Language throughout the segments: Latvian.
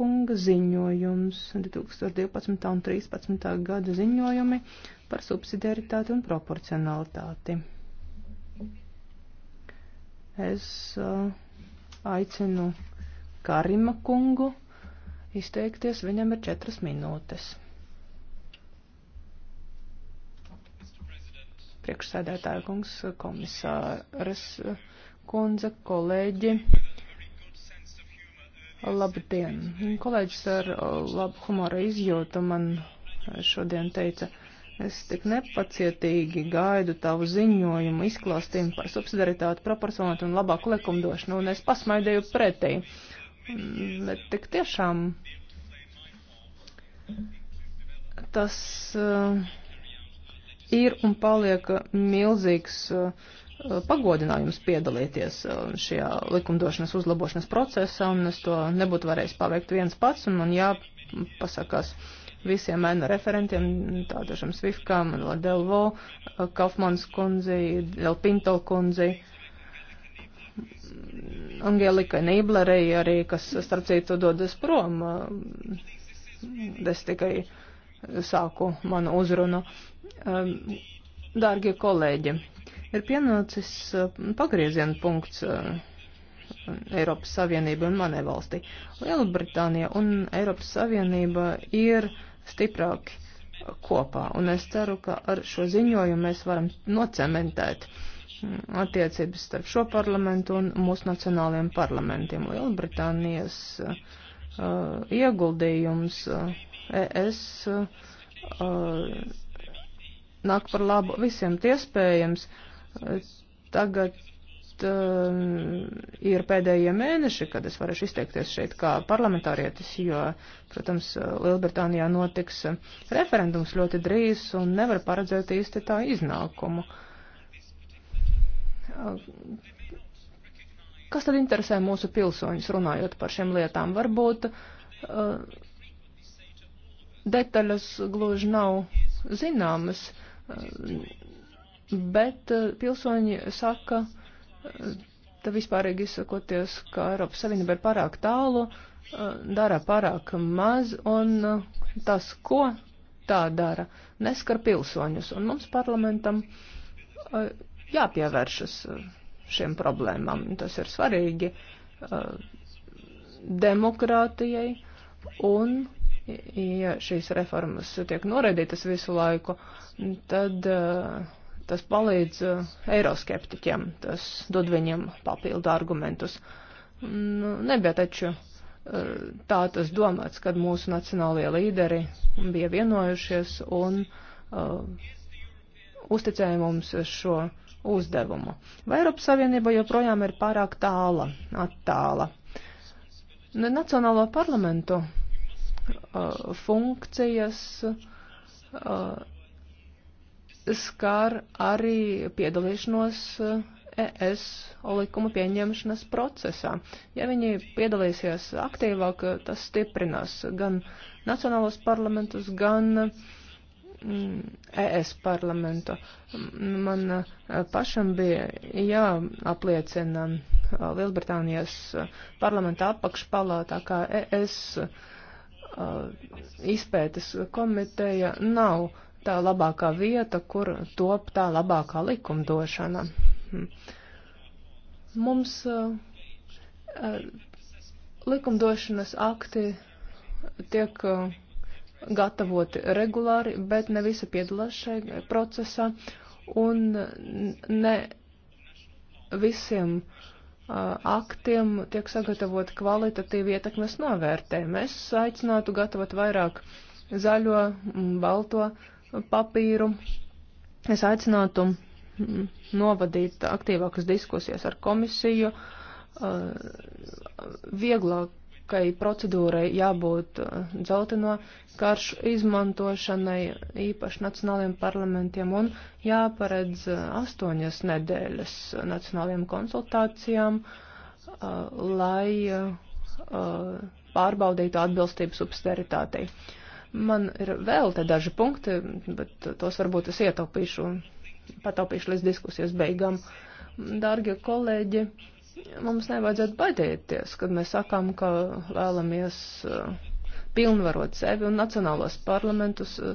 kunga ziņojums 2012. un 2013. gada ziņojumi par subsidiaritāti un proporcionalitāti. Es uh, aicinu Karima kungu izteikties, viņam ir četras minūtes. Priekšsēdētāja kungs, komisāras kundze, kolēģi. Labdien! Kolēģis ar uh, labu humora izjūtu man šodien teica, es tik nepacietīgi gaidu tavu ziņojumu izklāstījumu par subsidaritāti, proporcionātu un labāku likumdošanu, un es pasmaidēju pretī. Bet tik tiešām tas uh, ir un paliek milzīgs uh, pagodinājums piedalīties um, šajā likumdošanas uzlabošanas procesā, un es to nebūtu varējis paveikt viens pats, un man jāpasakās visiem ēnu referentiem, tādašam Svifkam, Delvo, Kaufmans kundzi, Del Pinto kundzi, Angelikai Nīblerei arī, kas starp citu dodas prom. Um, es tikai sāku manu uzrunu. Um, dārgie kolēģi, ir pienācis uh, pagrieziena punkts uh, Eiropas Savienība un manai valstī. Lielbritānija un Eiropas Savienība ir stiprāki kopā, un es ceru, ka ar šo ziņojumu mēs varam nocementēt mm, attiecības starp šo parlamentu un mūsu nacionālajiem parlamentiem. Lielbritānijas uh, ieguldījums uh, ES uh, uh, nāk par labu visiem, iespējams. Uh, Tagad um, ir pēdējie mēneši, kad es varēšu izteikties šeit kā parlamentārietis, jo, protams, Lielbritānijā notiks referendums ļoti drīz un nevar paredzēt īsti tā iznākumu. Kas tad interesē mūsu pilsoņus runājot par šiem lietām? Varbūt uh, detaļas gluži nav zināmas. Uh, bet eh, pilsoņi saka, eh, tā vispārīgi izsakoties, ka Eiropas Savienība ir pārāk tālu, eh, dara pārāk maz, un tas, ko tā dara, neskar pilsoņus. Un mums parlamentam jāpievēršas šiem problēmām. Tas ir svarīgi demokrātijai, un, ja šīs reformas tiek noraidītas visu laiku, tad uh, Tas palīdz uh, eiroskeptiķiem, tas dod viņiem papildu argumentus. Nu, nebija taču uh, tā tas domāts, kad mūsu nacionālie līderi bija vienojušies un uh, uzticēja mums šo uzdevumu. Vai Eiropas Savienība joprojām ir pārāk tāla, attāla? Nu, Nacionālo parlamentu uh, funkcijas uh, skar arī piedalīšanos ES eh, e likuma pieņemšanas procesā. Ja viņi piedalīsies aktīvāk, tas stiprinās gan nacionālos parlamentus, gan mm, ES parlamentu. Man pašam bija jāapliecina Lielbritānijas parlamenta apakšpalātā, kā ES eh, izpētes komiteja nav tā labākā vieta, kur top tā labākā likumdošana. Hm. Mums likumdošanas akti tiek gatavoti regulāri, bet ne visi piedalās šajā procesā un ne visiem aktiem tiek sagatavot kvalitatīvi ietekmes novērtējumi. Es aicinātu gatavot vairāk zaļo, balto, uh, papīru. Es aicinātu novadīt aktīvākas diskusijas ar komisiju. Eh, vieglākai procedūrai jābūt dzelteno eh, karšu izmantošanai īpaši nacionāliem parlamentiem un jāparedz eh, astoņas nedēļas nacionāliem konsultācijām, lai pārbaudītu atbilstību subsidiaritātei. Man ir vēl te daži punkti, bet tos varbūt es ietaupīšu, pataupīšu līdz diskusijas beigām. Dārgie kolēģi, mums nevajadzētu baidēties, kad mēs sakām, ka vēlamies uh, pilnvarot sevi un nacionālos parlamentus uh,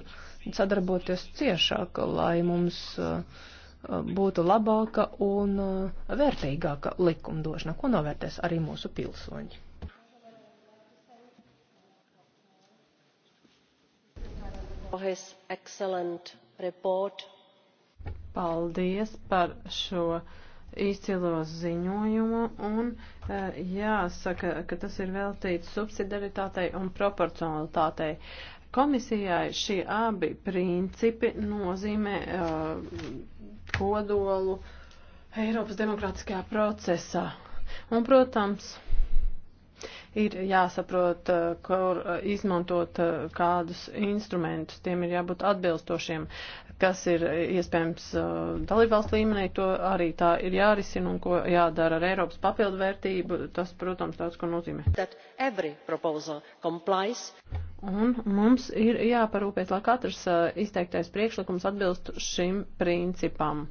sadarboties ciešāk, lai mums uh, būtu labāka un vērtīgāka likumdošana, ko novērtēs arī mūsu pilsoņi. Paldies par šo izcilo ziņojumu un eh, jāsaka, ka tas ir veltīts subsidaritātei un proporcionalitātei. Komisijai šie abi principi nozīmē uh, kodolu Eiropas demokrātiskajā procesā. Un, protams, Ir jāsaprot, eh, kur eh, izmantot eh, kādus instrumentus, tiem ir jābūt atbilstošiem, kas ir iespējams dalībvalsts līmenī, to arī tā ir jārisina un ko jādara ar Eiropas papildvērtību. Tas, protams, daudz ko nozīmē. Un mums ir jāparūpēs, lai katrs izteiktais priekšlikums atbilst šim principam.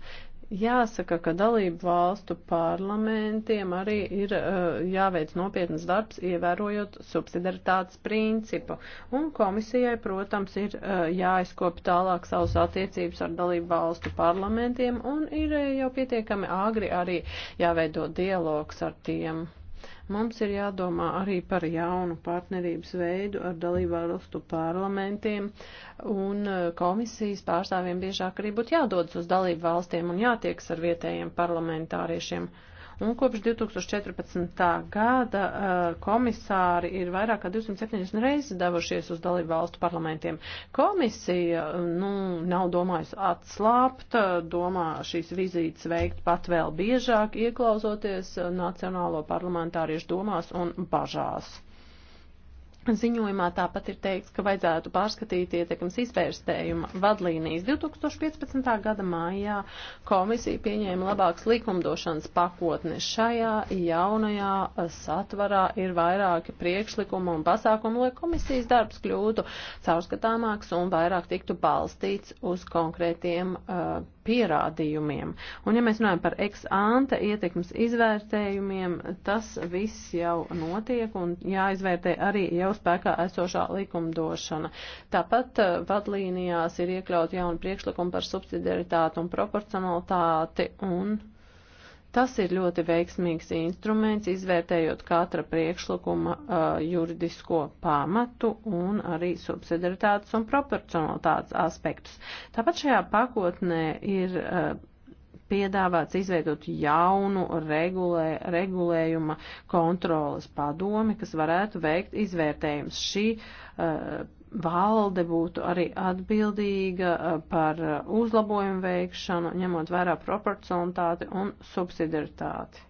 Jāsaka, ka dalību valstu parlamentiem arī ir uh, jāveic nopietnas darbs, ievērojot subsidaritātes principu. Un komisijai, protams, ir uh, jāizkop tālāk savus attiecības ar dalību valstu parlamentiem un ir uh, jau pietiekami āgri arī jāveido dialogs ar tiem. Mums ir jādomā arī par jaunu partnerības veidu ar dalībvalstu parlamentiem un e, komisijas pārstāvjiem biežāk arī būtu jādodas uz dalību valstiem un jātieks ar vietējiem parlamentāriešiem. Uh, Un kopš 2014. gada eh, komisāri ir vairāk kā 270 reizes devušies uz dalību valstu parlamentiem. Komisija nu, nav domājusi atslāpt, domā šīs vizītes veikt pat vēl biežāk, ieklausoties nacionālo parlamentāriešu domās un bažās. Ziņojumā tāpat ir teikts, ka vajadzētu pārskatīt ietekmes izvērstējuma vadlīnijas. 2015. gada mājā komisija pieņēma labāks likumdošanas pakotni. Šajā jaunajā satvarā ir vairāki priekšlikumi un pasākumi, lai komisijas darbs kļūtu caurskatāmāks un vairāk tiktu balstīts uz konkrētiem uh, pierādījumiem. Un ja mēs runājam par ex-ante ietekmes izvērtējumiem, tas viss jau notiek un jāizvērtē arī jau spēkā esošā likumdošana. Tāpat eh, vadlīnijās ir iekļaut jauni priekšlikumi par subsidiaritāti un proporcionalitāti un Tas ir ļoti veiksmīgs instruments, izvērtējot katra priekšlikuma uh, juridisko pamatu un arī subsidaritātes un proporcionalitātes aspektus. Tāpat šajā pakotnē ir uh, piedāvāts izveidot jaunu regulē, regulējuma kontrolas padomi, kas varētu veikt izvērtējums. Šī uh, valde būtu arī atbildīga eh, par eh, uzlabojumu veikšanu, ņemot vērā proporcionalitāti un subsidiaritāti.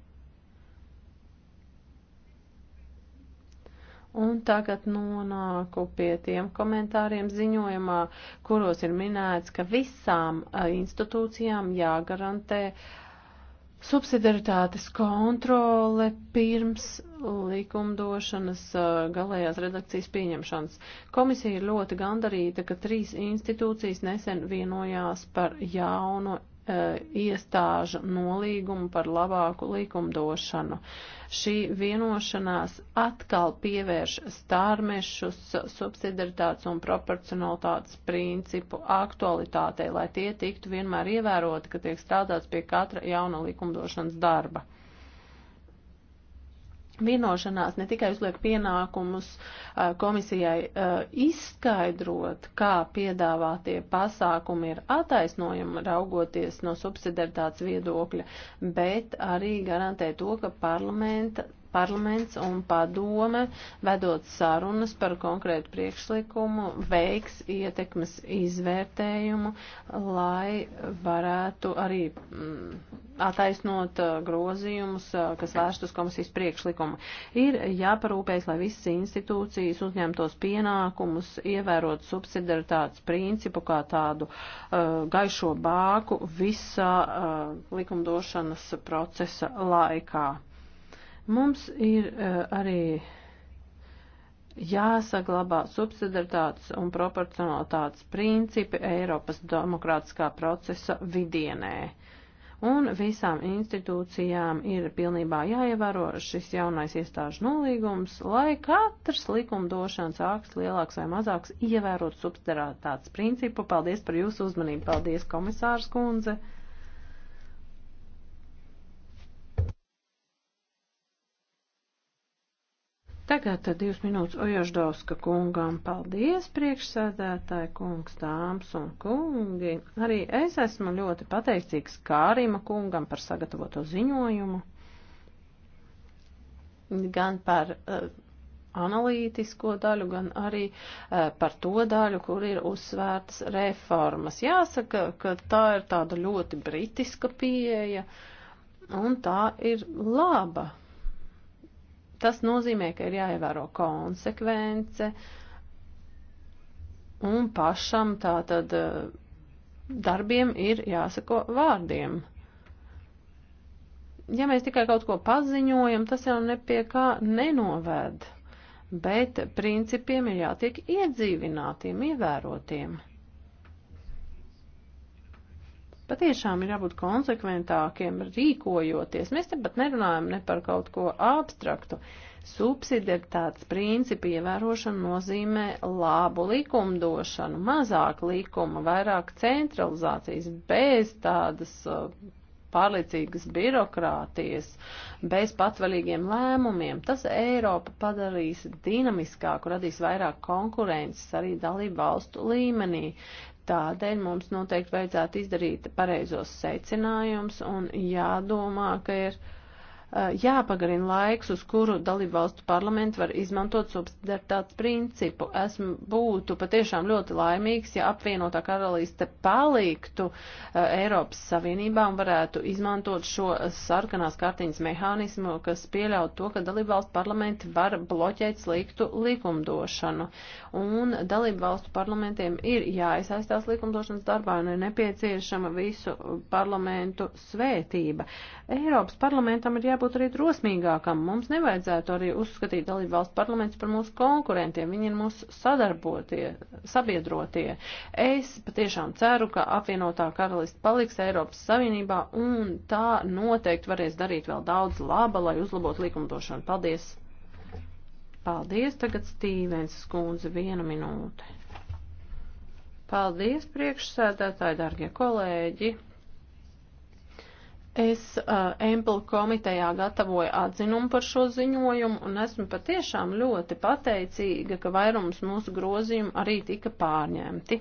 Un tagad nonāku pie tiem komentāriem ziņojumā, kuros ir minēts, ka visām eh, institūcijām jāgarantē uh, Subsidiaritātes kontrole pirms likumdošanas galējās redakcijas pieņemšanas. Komisija ir ļoti gandarīta, ka trīs institūcijas nesen vienojās par jaunu E, iestāžu nolīgumu par labāku likumdošanu. Šī vienošanās atkal pievērš stārmešus subsidaritātes un proporcionalitātes principu aktualitātei, lai tie tiktu vienmēr ievēroti, ka tiek strādāts pie katra jauna likumdošanas darba. Vienošanās ne tikai uzliek pienākumus komisijai izskaidrot, kā piedāvātie pasākumi ir attaisnojumi raugoties no subsidiaritātes viedokļa, bet arī garantē to, ka parlamenta parlaments un padome, vedot sarunas par konkrētu priekšlikumu, veiks ietekmes izvērtējumu, lai varētu arī mm, attaisnot uh, grozījumus, uh, kas vērst uz komisijas priekšlikumu. Ir jāparūpējas, lai visas institūcijas uzņemtos pienākumus, ievērot subsidaritātes principu kā tādu uh, gaišo bāku visā uh, likumdošanas procesa laikā. Mums ir uh, arī jāsaglabā subsidaritātes un proporcionalitātes principi Eiropas demokrātiskā procesa vidienē. Un visām institūcijām ir pilnībā jāievēro šis jaunais iestāžu nolīgums, lai katrs likumdošanas akts lielāks vai mazāks ievērot subsidaritātes principu. Paldies par jūsu uzmanību. Paldies, komisārs kundze. Tagad divas minūtes Ojaždauska kungam. Paldies, priekšsēdētāji kungs, dāmas un kungi. Arī es esmu ļoti pateicīgs Kārima kungam par sagatavoto ziņojumu. Gan par uh, analītisko daļu, gan arī uh, par to daļu, kur ir uzsvērtas reformas. Jāsaka, ka tā ir tāda ļoti britiska pieeja, un tā ir laba Tas nozīmē, ka ir jāievēro konsekvence un pašam tātad eh, darbiem ir jāsako vārdiem. Ja mēs tikai kaut ko paziņojam, tas jau nepie kā nenoved, bet principiem ir jātiek iedzīvinātiem, ievērotiem patiešām ir jābūt konsekventākiem rīkojoties. Mēs te pat nerunājam ne par kaut ko abstraktu. Subsidiaritātes principi ievērošana nozīmē labu likumdošanu, mazāk likuma, vairāk centralizācijas, bez tādas uh, pārliecīgas birokrātijas, bez patvaļīgiem lēmumiem. Tas Eiropa padarīs dinamiskāku, radīs vairāk konkurences arī dalību valstu līmenī. Tādēļ mums noteikti vajadzētu izdarīt pareizos secinājumus un jādomā, ka ir. Uh, Eh, jāpagarina laiks, uz kuru dalībvalstu parlamenti var izmantot subsidiaritātes principu. Esmu būtu patiešām ļoti laimīgs, ja apvienotā karalīste paliktu eh, Eiropas Savienībā un varētu izmantot šo eh, sarkanās kārtiņas mehānismu, kas pieļaut to, ka dalībvalstu parlamenti var bloķēt sliktu likumdošanu. Un dalībvalstu parlamentiem ir jāiesaistās likumdošanas darbā un ir nepieciešama visu parlamentu svētība. Eiropas parlamentam ir jābūt jābūt arī drosmīgākam. Mums nevajadzētu arī uzskatīt dalību valstu parlaments par mūsu konkurentiem. Viņi ir mūsu sadarbotie, sabiedrotie. Es patiešām ceru, ka apvienotā karalista paliks Eiropas Savienībā un tā noteikti varēs darīt vēl daudz laba, lai uzlabotu likumdošanu. Paldies! Paldies! Tagad Stīvens skundze viena minūte. Paldies, priekšsēdētāji, dargie kolēģi! Es uh, eh, Empel komitejā gatavoju atzinumu par šo ziņojumu un esmu patiešām ļoti pateicīga, ka vairums mūsu grozījumu arī tika pārņemti.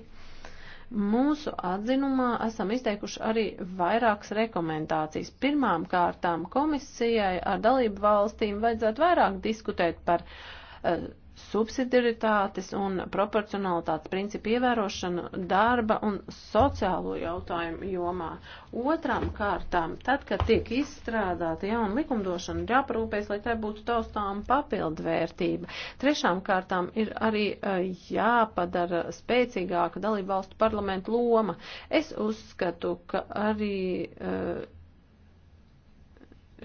Mūsu atzinumā esam izteikuši arī vairākas rekomendācijas. Pirmām kārtām komisijai ar dalību valstīm vajadzētu vairāk diskutēt par uh, subsidiaritātes un proporcionalitātes principu ievērošanu darba un sociālo jautājumu jomā. Otram kārtām, tad, kad tiek izstrādāta jauna likumdošana, ir jāparūpēs, lai tai būtu taustām papildvērtība. Trešām kārtām ir arī eh, jāpadara spēcīgāka dalību valstu parlamentu loma. Es uzskatu, ka arī uh,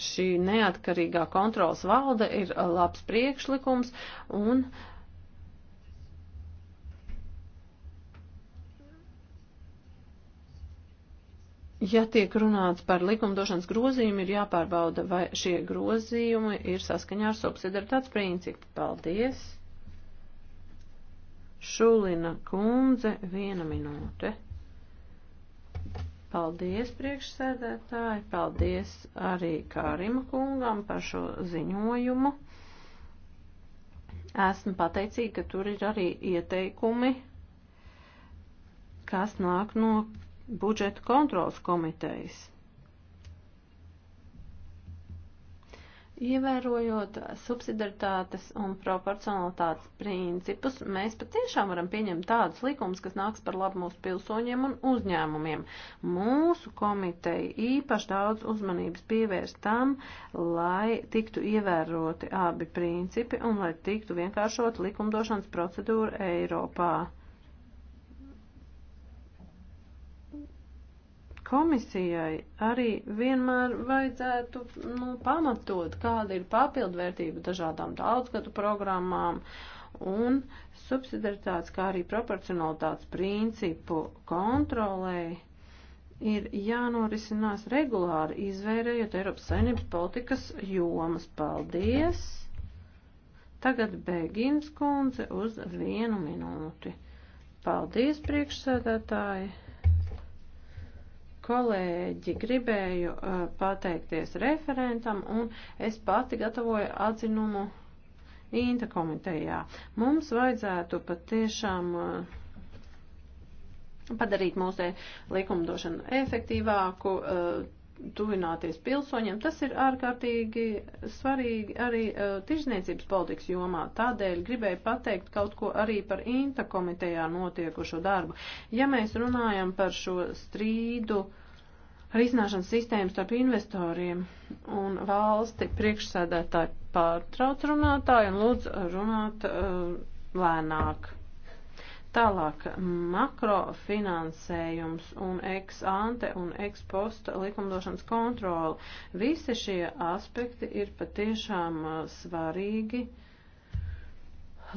šī neatkarīgā kontrolas valde ir uh, labs priekšlikums un Ja tiek runāts par likumdošanas grozījumu, ir jāpārbauda, vai šie grozījumi ir saskaņā ar subsidaritātes principu. Paldies! Šulina kundze, viena minūte. Paldies priekšsēdētāji, paldies arī Kārima kungam par šo ziņojumu. Esmu pateicīga, ka tur ir arī ieteikumi, kas nāk no budžeta kontrols komitejas. Ievērojot subsidaritātes un proporcionalitātes principus, mēs patiešām varam pieņemt tādus likumus, kas nāks par labu mūsu pilsoņiem un uzņēmumiem. Mūsu komiteja īpaši daudz uzmanības pievērst tam, lai tiktu ievēroti abi principi un lai tiktu vienkāršot likumdošanas procedūru Eiropā. Komisijai arī vienmēr vajadzētu nu, pamatot, kāda ir papildvērtība dažādām daudzgadu programmām un subsidaritātes, kā arī proporcionalitātes principu kontrolēji ir jānorisinās regulāri, izvērējot Eiropas saimnības politikas jomas. Paldies! Tagad Bēgins kundze uz vienu minūti. Paldies, priekšsēdētāji! kolēģi, gribēju uh, pateikties referentam un es pati gatavoju atzinumu Inta komitejā. Mums vajadzētu patiešām uh, padarīt mūsu likumdošanu efektīvāku, uh, tuvināties pilsoņiem. Tas ir ārkārtīgi svarīgi arī uh, tirzniecības politikas jomā. Tādēļ gribēju pateikt kaut ko arī par INTA komitejā notiekušo darbu. Ja mēs runājam par šo strīdu, risināšanas sistēmas starp investoriem un valsti priekšsēdētāji pārtrauc runātāju un lūdz runāt uh, lēnāk. Tālāk makrofinansējums un ex ante un ex posta likumdošanas kontroli. Visi šie aspekti ir patiešām uh, svarīgi. Uh,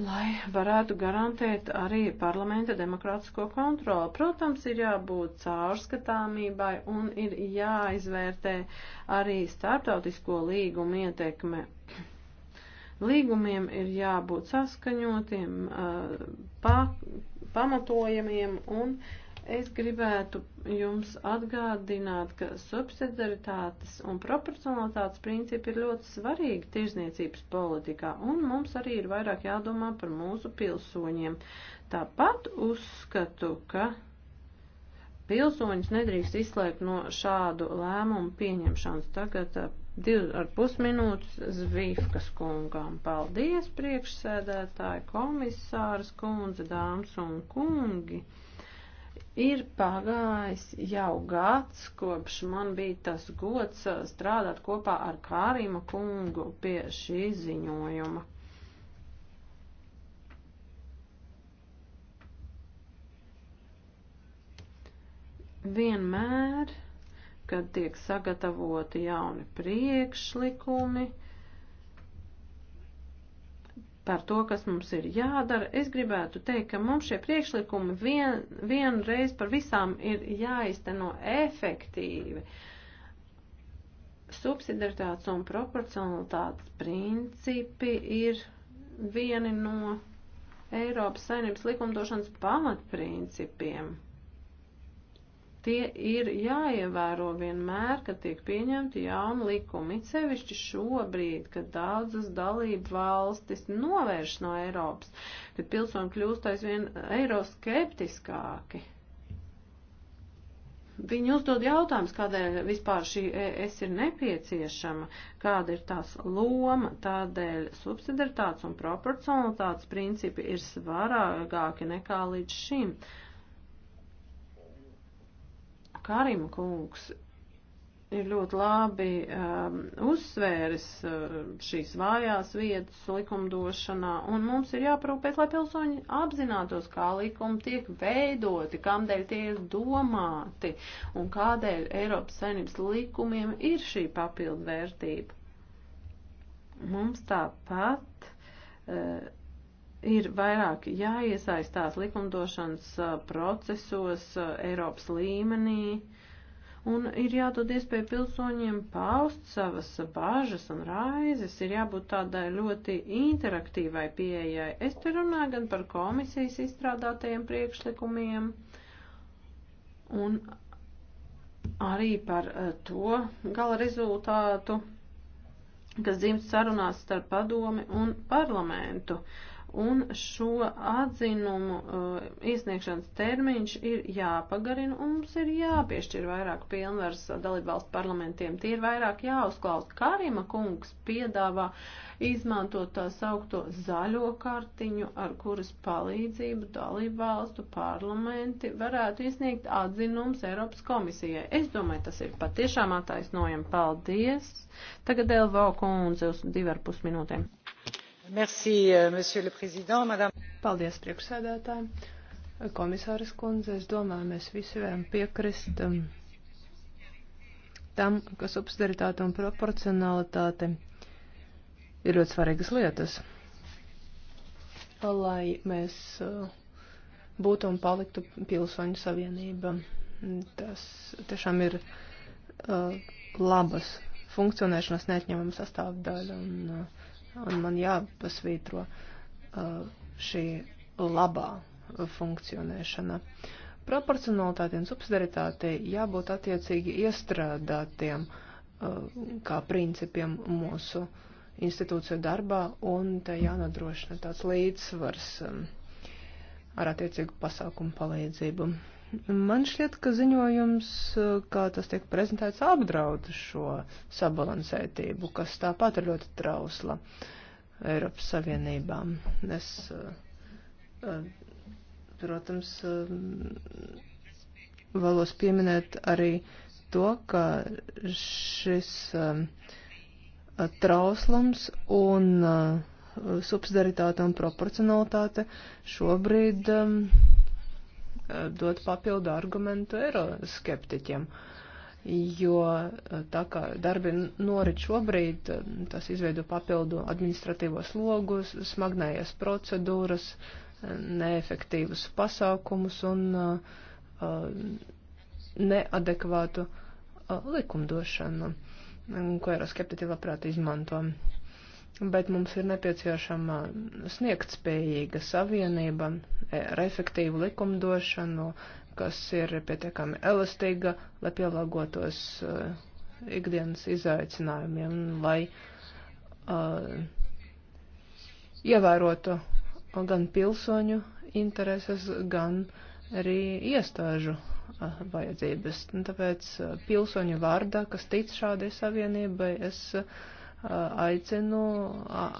lai varētu garantēt arī parlamenta demokrātisko kontroli. Protams, ir jābūt caurskatāmībai un ir jāizvērtē arī starptautisko līgumu ietekme. Līgumiem ir jābūt saskaņotiem, eh, pa, pamatojamiem un uh, Es gribētu jums atgādināt, ka subsidiaritātes un proporcionalitātes principi ir ļoti svarīgi tirzniecības politikā, un mums arī ir vairāk jādomā par mūsu pilsoņiem. Tāpat uzskatu, ka pilsoņus nedrīkst izslēgt no šādu lēmumu pieņemšanas. Tagad uh, divi ar pus minūtes Zvīfkas kungām. Paldies, priekšsēdētāji, komisārs, kundze, dāmas un kungi! Ir pagājis jau gads, kopš man bija tas gods uh, strādāt kopā ar Kārīma kungu pie šī ziņojuma. Vienmēr, kad tiek sagatavoti jauni priekšlikumi, par to, kas mums ir jādara. Es gribētu teikt, ka mums šie priekšlikumi vien, vienreiz par visām ir jāizteno efektīvi. Subsidaritātes un proporcionalitātes principi ir vieni no Eiropas saimnības likumdošanas pamatprincipiem. Tie ir jāievēro vienmēr, kad tiek pieņemti jauni likumi, it sevišķi šobrīd, kad daudzas dalību valstis novērš no Eiropas, kad pilsoņi kļūst aizvien eiroskeptiskāki. Viņi uzdod jautājums, kādēļ vispār šī ES ir nepieciešama, kāda ir tās loma, tādēļ subsidaritātes un proporcionalitātes principi ir svarīgāki nekā līdz šim. Uh, Karim kungs ir ļoti labi um, uzsvēris uh, šīs vājās vietas likumdošanā, un mums ir jāparūpēs, lai pilsoņi apzinātos, kā likumi tiek veidoti, kādēļ tie ir domāti, un kādēļ Eiropas saimnības likumiem ir šī papildu vērtība. Mums tāpat. Uh, ir vairāk jāiesaistās likumdošanas procesos Eiropas līmenī, un ir jādod iespēju pilsoņiem paust savas bažas un raizes, ir jābūt tādai ļoti interaktīvai pieejai. Es te runāju gan par komisijas izstrādātajiem priekšlikumiem, un arī par to gala rezultātu, kas dzimst sarunās starp padomi un parlamentu. Uh, un šo atzinumu uh, iesniegšanas termiņš ir jāpagarina un mums ir jāpiešķir vairāk pilnvaras dalībvalstu parlamentiem. Tie ir vairāk jāuzklaust. Karima kungs piedāvā izmantot tā saukto zaļo kartiņu, ar kuras palīdzību dalībvalstu parlamenti varētu iesniegt atzinums Eiropas komisijai. Es domāju, tas ir patiešām attaisnojami. Paldies! Tagad Elvo kundze uz divarpus minūtēm. Merci, euh, monsieur le président, madame. Paldies, priekšsēdētāji. Komisāras kundze, es domāju, mēs visi varam piekrist um, tam, ka subsidiaritāte un proporcionalitāte ir ļoti svarīgas lietas, lai mēs uh, būtu un paliktu pilsoņu savienība. Tas tiešām ir uh, labas funkcionēšanas neatņemama sastāvdaļa. Un, uh, un man jāpasvītro uh, šī labā funkcionēšana. Proporcionalitāte un subsidiaritāte jābūt attiecīgi iestrādātiem uh, kā principiem mūsu institūciju darbā, un te jānodrošina tāds līdzsvars um, ar attiecīgu pasākumu palīdzību. Man šķiet, ka ziņojums, kā tas tiek prezentēts, apdraud šo sabalansētību, kas tāpat ir ļoti trausla Eiropas Savienībā. Es, eh, eh, protams, eh, vēlos pieminēt arī to, ka šis trauslums un subsidaritāte un proporcionalitāte šobrīd um, dot papildu argumentu eiroskeptiķiem. Jo eh, tā kā darbi norit šobrīd, eh, tas izveido papildu administratīvos logus, smagnējas procedūras, eh, neefektīvus pasākumus un uh, neadekvātu uh, likumdošanu, ko eiroskeptiķi labprāt izmanto bet mums ir nepieciešama sniegt spējīga savienība e, ar efektīvu likumdošanu, kas ir pietiekami elastīga, lai pielāgotos uh, ikdienas izaicinājumiem, lai uh, ievērotu gan pilsoņu intereses, gan arī iestāžu uh, vajadzības. Un tāpēc uh, pilsoņu vārdā, kas tic šādai savienībai, es uh, aicinu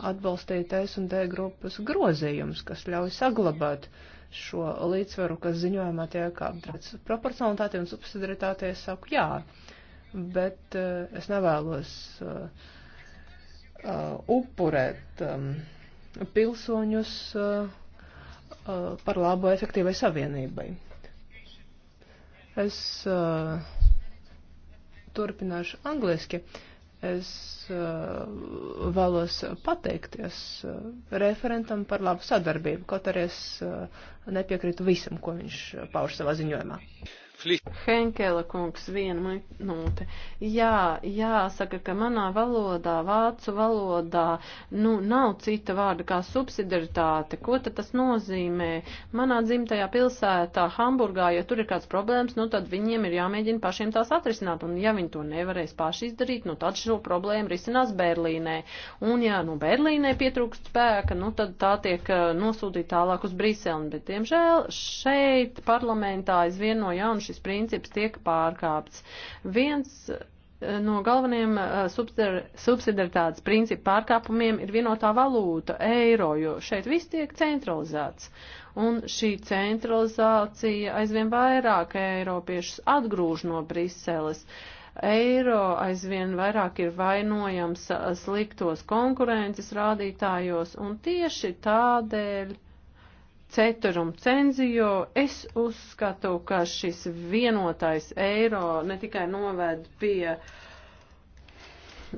atbalstīt S un D grupas grozījumus, kas ļauj saglabāt šo līdzsvaru, kas ziņojumā tiek apdrats. Proporcionalitāte un subsidiaritāte es saku jā, bet uh, es nevēlos uh, uh, upurēt um, pilsoņus uh, uh, par labu efektīvai savienībai. Es uh, turpināšu angliski. Uh, Es uh, vēlos pateikties uh, referentam par labu sadarbību, kaut arī es uh, nepiekrītu visam, ko viņš uh, pauž savā ziņojumā. Pflicht. Henkela kungs, viena minūte. Jā, jāsaka, ka manā valodā, vācu valodā, nu, nav cita vārda kā subsidiaritāte. Ko tad tas nozīmē? Manā dzimtajā pilsētā, Hamburgā, ja tur ir kāds problēmas, nu, tad viņiem ir jāmēģina pašiem tās atrisināt. Un ja viņi to nevarēs paši izdarīt, nu, tad šo problēmu risinās Berlīnē. Un ja, nu, Berlīnē pietrūkst spēka, nu, tad tā tiek eh, nosūtīta tālāk uz Briseli. Bet, diemžēl, šeit parlamentā aizvien no jauna šis šis princips tiek pārkāpts. Viens eh, no galvenajiem eh, subsidiaritātes principu pārkāpumiem ir vienotā valūta - eiro, jo šeit viss tiek centralizēts. Un šī centralizācija aizvien vairāk eiropiešus atgrūž no Briseles. Eiro aizvien vairāk ir vainojams eh, sliktos konkurences rādītājos, un tieši tādēļ ceturum cenzijo, es uzskatu, ka šis vienotais eiro ne tikai noved pie uh,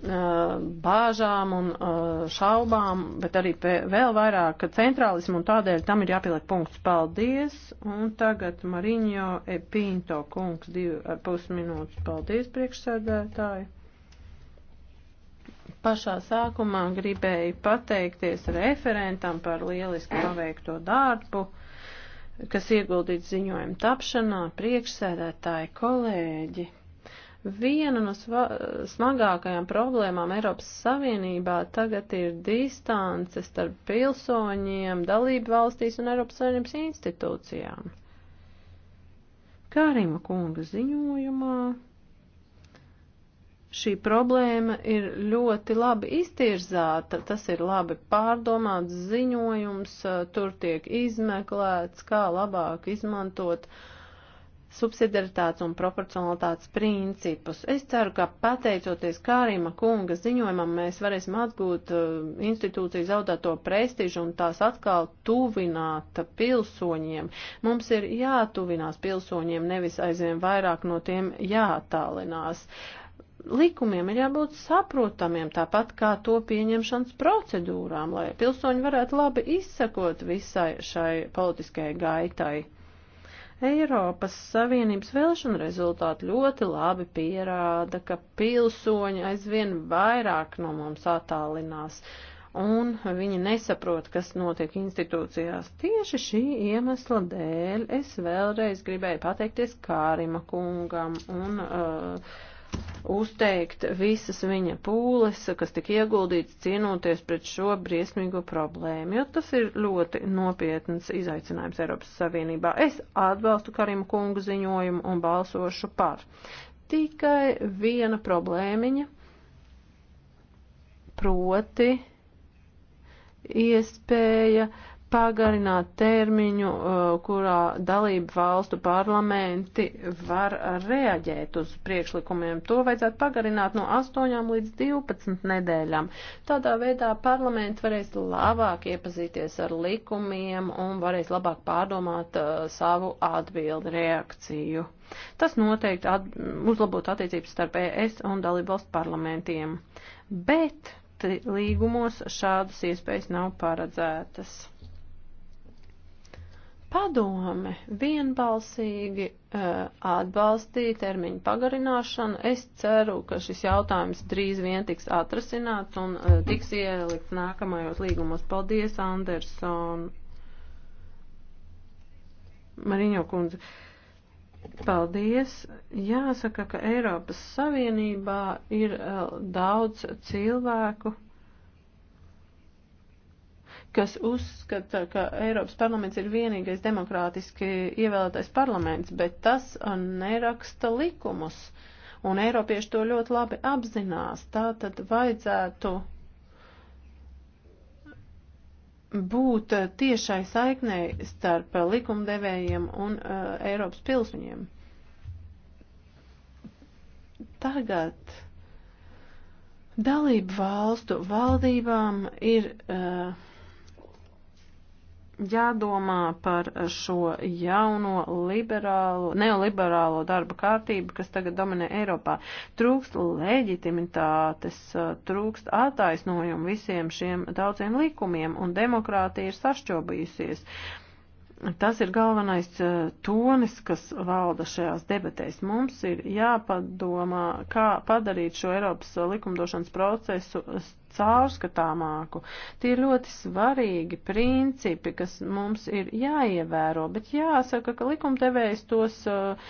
bāžām un uh, šaubām, bet arī pie, vēl vairāk centrālismu un tādēļ tam ir jāpieliek punkts. Paldies! Un tagad Mariņo Epinto kungs divi ar uh, pus minūtes. Paldies, priekšsēdētāji! Pašā sākumā gribēju pateikties referentam par lieliski paveikto darbu, kas ieguldīts ziņojuma tapšanā, priekšsēdētāji, kolēģi. Viena no smagākajām problēmām Eiropas Savienībā tagad ir distance starp pilsoņiem, dalību valstīs un Eiropas Savienības institūcijām. Kārīma kunga ziņojumā Šī problēma ir ļoti labi iztirzāta, tas ir labi pārdomāts ziņojums, tur tiek izmeklēts, kā labāk izmantot subsidiaritātes un proporcionalitātes principus. Es ceru, ka pateicoties Kārīma kunga ziņojumam, mēs varēsim atgūt institūciju zaudēto prestižu un tās atkal tuvināt pilsoņiem. Mums ir jātuvinās pilsoņiem, nevis aizvien vairāk no tiem jātālinās. Uh, likumiem ir jābūt saprotamiem, tāpat kā to pieņemšanas procedūrām, lai pilsoņi varētu labi izsakot visai šai politiskajai gaitai. Eiropas Savienības vēlšana rezultāti ļoti labi pierāda, ka pilsoņi aizvien vairāk no mums attālinās, un viņi nesaprot, kas notiek institūcijās. Tieši šī iemesla dēļ es vēlreiz gribēju pateikties Kārima kungam un uh, uzteikt visas viņa pūles, kas tik ieguldīts cīnoties pret šo briesmīgo problēmu, jo tas ir ļoti nopietns izaicinājums Eiropas Savienībā. Es atbalstu Karima kungu ziņojumu un balsošu par. Tikai viena problēmiņa, proti iespēja uh, pagarināt termiņu, eh, kurā dalību valstu parlamenti var reaģēt uz priekšlikumiem. To vajadzētu pagarināt no 8 līdz 12 nedēļām. Tādā veidā parlamenti varēs labāk iepazīties ar likumiem un varēs labāk pārdomāt eh, savu atbildi reakciju. Tas noteikti at uzlabot attiecības starp ES un dalību valstu parlamentiem. Bet līgumos šādas iespējas nav paredzētas. Padome vienbalsīgi uh, atbalstīja termiņu pagarināšanu. Es ceru, ka šis jautājums drīz vien tiks atrasināts un uh, tiks ielikts nākamajos līgumos. Paldies, Anderson. Mariņo kundze. Paldies! Jāsaka, ka Eiropas Savienībā ir uh, daudz cilvēku, kas uzskata, ka Eiropas parlaments ir vienīgais demokrātiski ievēlētais parlaments, bet tas uh, neraksta likumus. Un Eiropieši to ļoti labi apzinās. Tā tad vajadzētu būt tiešai saiknei starp likumdevējiem un uh, Eiropas pilsoņiem. Tagad dalību valstu valdībām ir. Uh, jādomā par šo jauno liberālo, neoliberālo darba kārtību, kas tagad dominē Eiropā. Trūkst leģitimitātes, trūkst attaisnojumu visiem šiem daudziem likumiem, un demokrātija ir sašķobījusies. Uh, Tas ir galvenais e, tonis, kas valda šajās debatēs. Mums ir jāpadomā, kā padarīt šo Eiropas likumdošanas procesu caurskatāmāku. Tie ir ļoti svarīgi principi, kas mums ir jāievēro, bet jāsaka, ka likumdevējs tos uh,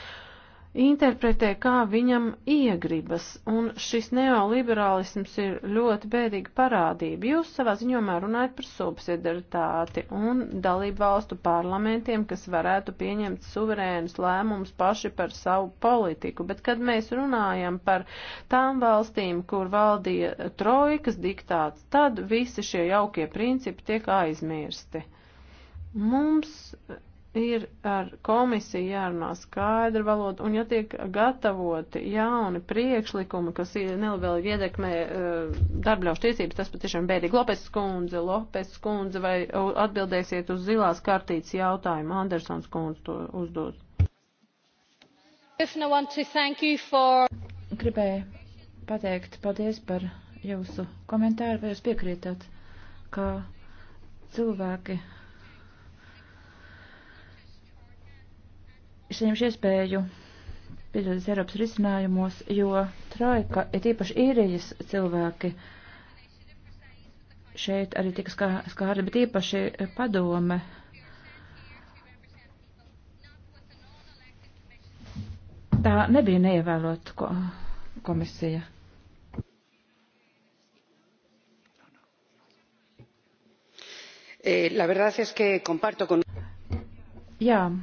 interpretē, kā viņam iegribas, un šis neoliberālisms ir ļoti bēdīga parādība. Jūs savā ziņomā runājat par subsidaritāti un dalību valstu parlamentiem, kas varētu pieņemt suverēnus lēmumus paši par savu politiku, bet kad mēs runājam par tām valstīm, kur valdīja trojkas diktāts, tad visi šie jaukie principi tiek aizmirsti. Mums ir ar komisiju jārunā skaidra valoda, un ja tiek gatavoti jauni priekšlikumi, kas nelabvēlīgi iedekmē uh, eh, darbļaušu tiesības, tas patiešām bēdīgi. Lopes skundze, Lopes skundze, vai atbildēsiet uz zilās kartītes jautājumu? Andersons skundze to uzdos. For... Gribēju pateikt paldies par jūsu komentāru, vai jūs piekrītat, ka cilvēki saņemšu iespēju piedalīties Eiropas risinājumos, jo trojka ir īpaši īrijas cilvēki. Šeit arī tika skāri, bet īpaši padome. Tā nebija neievēlot ko, komisija. Eh, la verdad es que comparto con. Jā. Yeah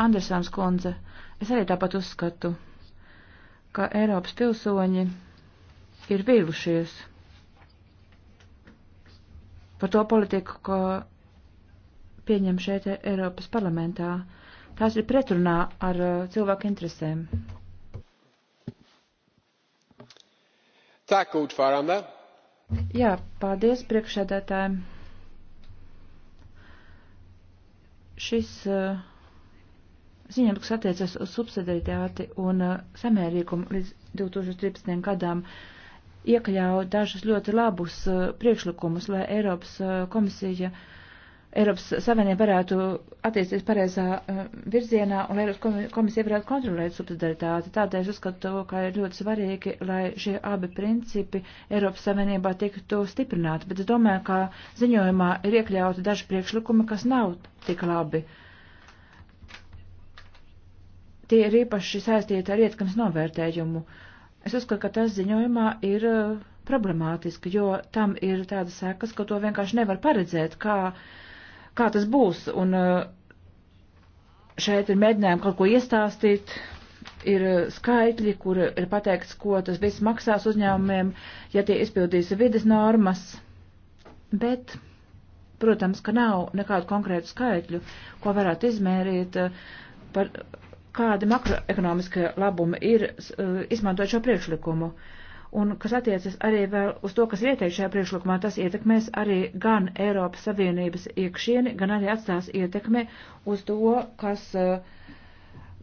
Andersons kundze, es arī tāpat uzskatu, ka Eiropas pilsoņi ir vīlušies par to politiku, ko pieņem šeit Eiropas parlamentā. Tās ir pretrunā ar uh, cilvēku interesēm. Tack, ordförande. Jā, paldies priekšsēdētājiem. Šis uh, ziņām, kas attiecas uz subsidiaritāti un uh, samērīgumu līdz 2013. gadam, iekļauj dažus ļoti labus uh, priekšlikumus, lai Eiropas uh, komisija, Eiropas Savienība varētu attīstīties pareizā virzienā un lai Eiropas komisija varētu kontrolēt subsidiaritāti. Tādēļ es uzskatu, ka ir ļoti svarīgi, lai šie abi principi Eiropas Savienībā tiktu stiprināti, bet es domāju, ka ziņojumā ir iekļauti daži priekšlikumi, kas nav tik labi. Uh, tie ir īpaši saistīti ar ietekmes novērtējumu. Es uzskatu, ka tas ziņojumā ir uh, problemātiski, jo tam ir tādas sekas, ka to vienkārši nevar paredzēt, kā, kā tas būs. Un uh, šeit ir mēģinājumi kaut ko iestāstīt, ir uh, skaitļi, kur ir pateikts, ko tas viss maksās uzņēmumiem, ja tie izpildīs vides normas, bet, protams, ka nav nekādu konkrētu skaitļu, ko varētu izmērīt par kādi makroekonomiskie labumi ir e, izmantojot šo priekšlikumu. Un kas attiecas arī vēl uz to, kas ir ieteikts šajā priekšlikumā, tas ietekmēs arī gan Eiropas Savienības iekšieni, gan arī atstās ietekmi uz to, kas e,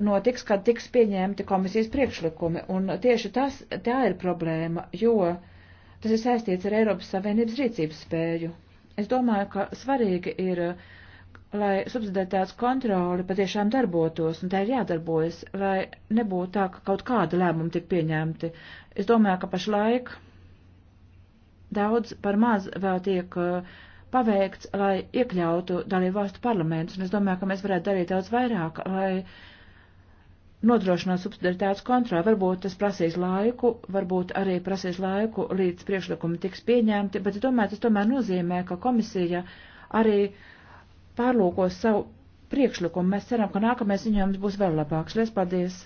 notiks, kad tiks pieņemti komisijas priekšlikumi. Un tieši tas, tā ir problēma, jo tas ir saistīts ar Eiropas Savienības rīcības spēju. Es domāju, ka svarīgi ir uh, lai subsidētās kontroli patiešām darbotos, un tā ir jādarbojas, lai nebūtu tā, ka kaut kāda lēmuma tik pieņemti. Es domāju, ka pašlaik daudz par maz vēl tiek uh, paveikts, lai iekļautu dalību valstu parlamentus, un es domāju, ka mēs varētu darīt daudz vairāk, lai nodrošināt subsidaritātes kontroli. Varbūt tas prasīs laiku, varbūt arī prasīs laiku, līdz priekšlikumi tiks pieņemti, bet es domāju, tas tomēr nozīmē, ka komisija arī uh, pārlūkos savu priekšlikumu. Mēs ceram, ka nākamais ziņojums būs vēl labāks. Lies paldies!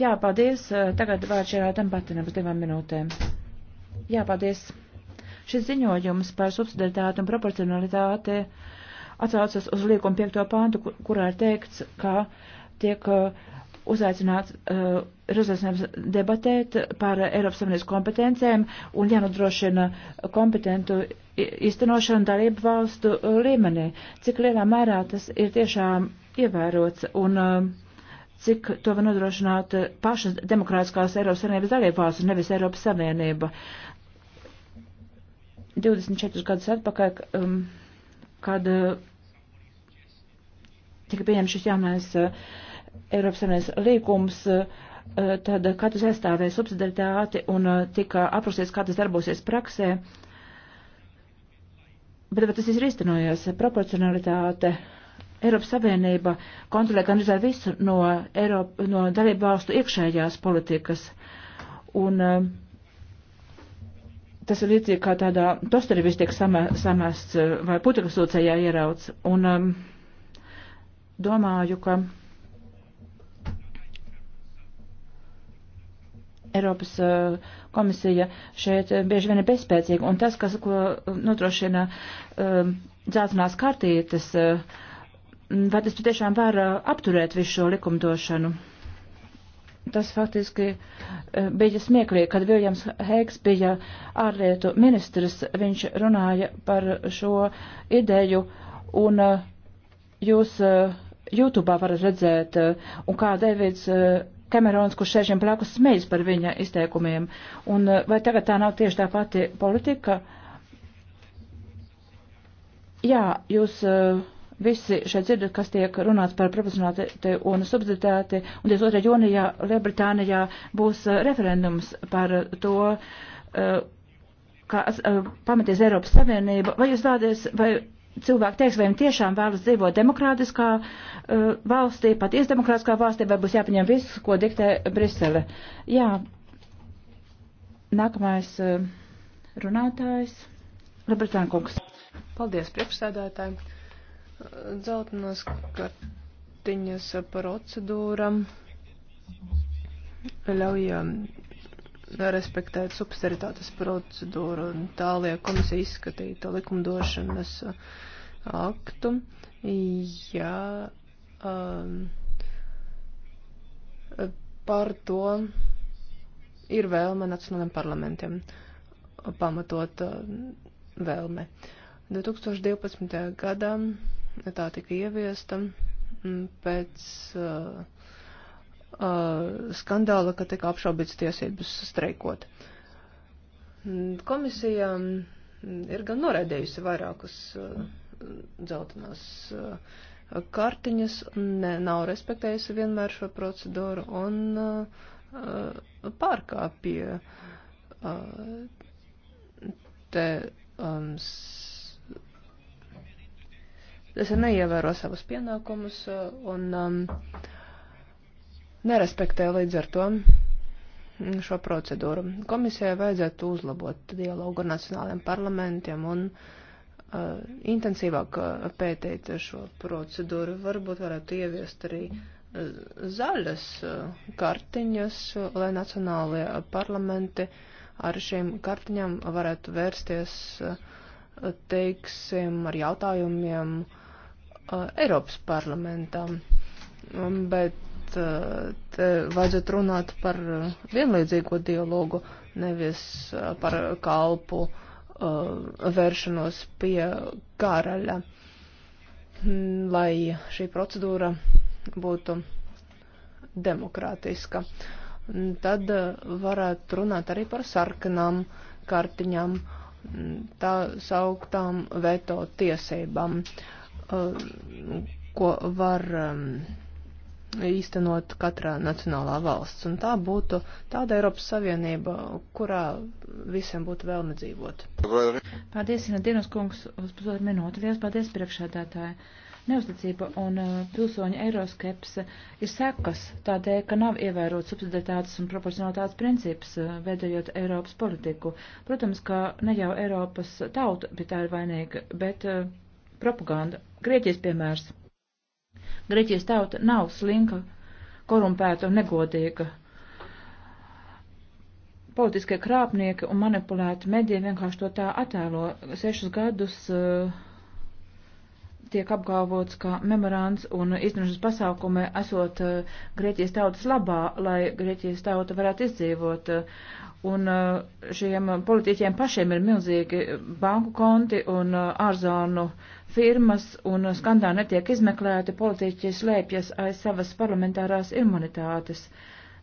Jā, paldies! Eh, tagad vārds Žerādam Batinam uz divām minūtēm. Jā, paldies! Šis ziņojums par subsidiaritāti un proporcionalitāti atsaucas uz liekumu piekto pāntu, kurā ir teikts, ka tiek uh, uzaicināts uh, eh, rezolūcijām debatēt par Eiropas Savienības kompetencēm un jānodrošina kompetentu īstenošanu darību valstu eh, līmenī. Cik lielā mērā tas ir tiešām ievērots un uh, cik to var nodrošināt pašas demokrātiskās Eiropas Savienības dalību valsts, nevis Eiropas Savienība. 24 gadus atpakaļ, um, kad uh, tika pieņemts šis jaunais uh, Eiropas Savienības līgums, eh, tad eh, katrs aizstāvēja subsidaritāti un eh, tika aprūsies, kā tas darbosies praksē. Bet, bet tas izrīstenojās proporcionalitāte. Eiropas Savienība kontrolē gan izvēl visu no, Eiropa, no dalību valstu iekšējās politikas. Un uh, tas ir līdzīgi kā tādā tosterī viss tiek samē, samests vai putekļu sūcējā ierauts. Un um, domāju, ka. Eiropas uh, komisija šeit uh, bieži vien ir bezspēcīga, un tas, kas, ko uh, nodrošina um, dzeltenās kartītes, vai tas patiešām var apturēt visu šo likumdošanu? Tas faktiski bija smieklīgi, kad Viljams Heiks bija ārlietu ministrs, viņš runāja par šo ideju, un jūs YouTube varat redzēt, un kā Davids Kamerons, kurš sēž viņam blakus, smējas par viņa izteikumiem. Un eh, vai tagad tā nav tieši tā pati politika? Jā, jūs uh, visi šeit dzirdat, kas tiek runāts par proporcionāti un subsidēti, un 22. jūnijā Lielbritānijā būs uh, referendums par to, uh, kā pamaties Eiropas Savienība. Vai jūs vēlaties, vai cilvēki teiks, vai viņi tiešām vēlas dzīvot demokrātiskā uh, valstī, paties demokrātiskā valstī, vai būs jāpaņem viss, ko diktē Brisele. Jā, nākamais uh, runātājs, Libertāna kungs. Paldies priekšsēdētājiem. Dzeltenās kartiņas procedūram ļauj uh, respektēt subsidiaritātes procedūru un tā liek komisija izskatīta likumdošanas uh, aktu, ja um, par to ir vēlme nacionālajiem parlamentiem pamatot uh, vēlme. 2012. gadā tā tika ieviesta mm, pēc uh, uh, skandāla, ka tika apšaubīts tiesības streikot. Mm, komisija mm, ir gan noraidījusi vairākus uh, dzeltenās uh, kartiņas, ne, nav respektējusi vienmēr šo procedūru un uh, uh, pārkāpja te um, es neievēro savus pienākumus un um, nerespektēju līdz ar to šo procedūru. Komisijai vajadzētu uzlabot dialogu ar nacionāliem parlamentiem un uh, Uh, intensīvāk uh, pētīt šo procedūru. Varbūt varētu ieviest arī uh, zaļas kartiņas, lai nacionālajie parlamenti ar šīm kartiņām varētu vērsties, teiksim, ar jautājumiem Eiropas parlamentam. Um, bet te vajadzētu runāt par vienlīdzīgo dialogu, nevis par kalpu uh, uh, vēršanos pie karaļa, lai šī procedūra būtu demokrātiska. Tad uh, varētu runāt arī par sarkanām kartiņām, tā sauktām veto tiesībām, uh, ko var um, īstenot katrā nacionālā valsts. Un tā būtu tāda Eiropas Savienība, kurā visiem būtu vēlme dzīvot. Paldies, Ina Dienas kungs, uz pusotru minūti. Liels paldies priekšētātāji. Neuzticība un uh, pilsoņa eiroskepse ir sekas tādēļ, ka nav ievērot subsidētātas un proporcionalitātes princips, uh, veidojot Eiropas politiku. Protams, ka ne jau Eiropas tauta pie tā ir vainīga, bet uh, propaganda. Grieķijas piemērs. Grieķijas tauta nav slinka, korumpēta un negodīga. Politiskie krāpnieki un manipulēti mediji vienkārši to tā attēlo. Sešus gadus uh, tiek apgalvots, ka memorands un izdrošināšanas pasākumi esot uh, Grieķijas tautas labā, lai Grieķijas tauta varētu izdzīvot. Eh, un uh, šiem politiķiem pašiem ir milzīgi banku konti un uh, ārzonu firmas, un skandāli netiek izmeklēti, politiķi slēpjas aiz savas parlamentārās imunitātes.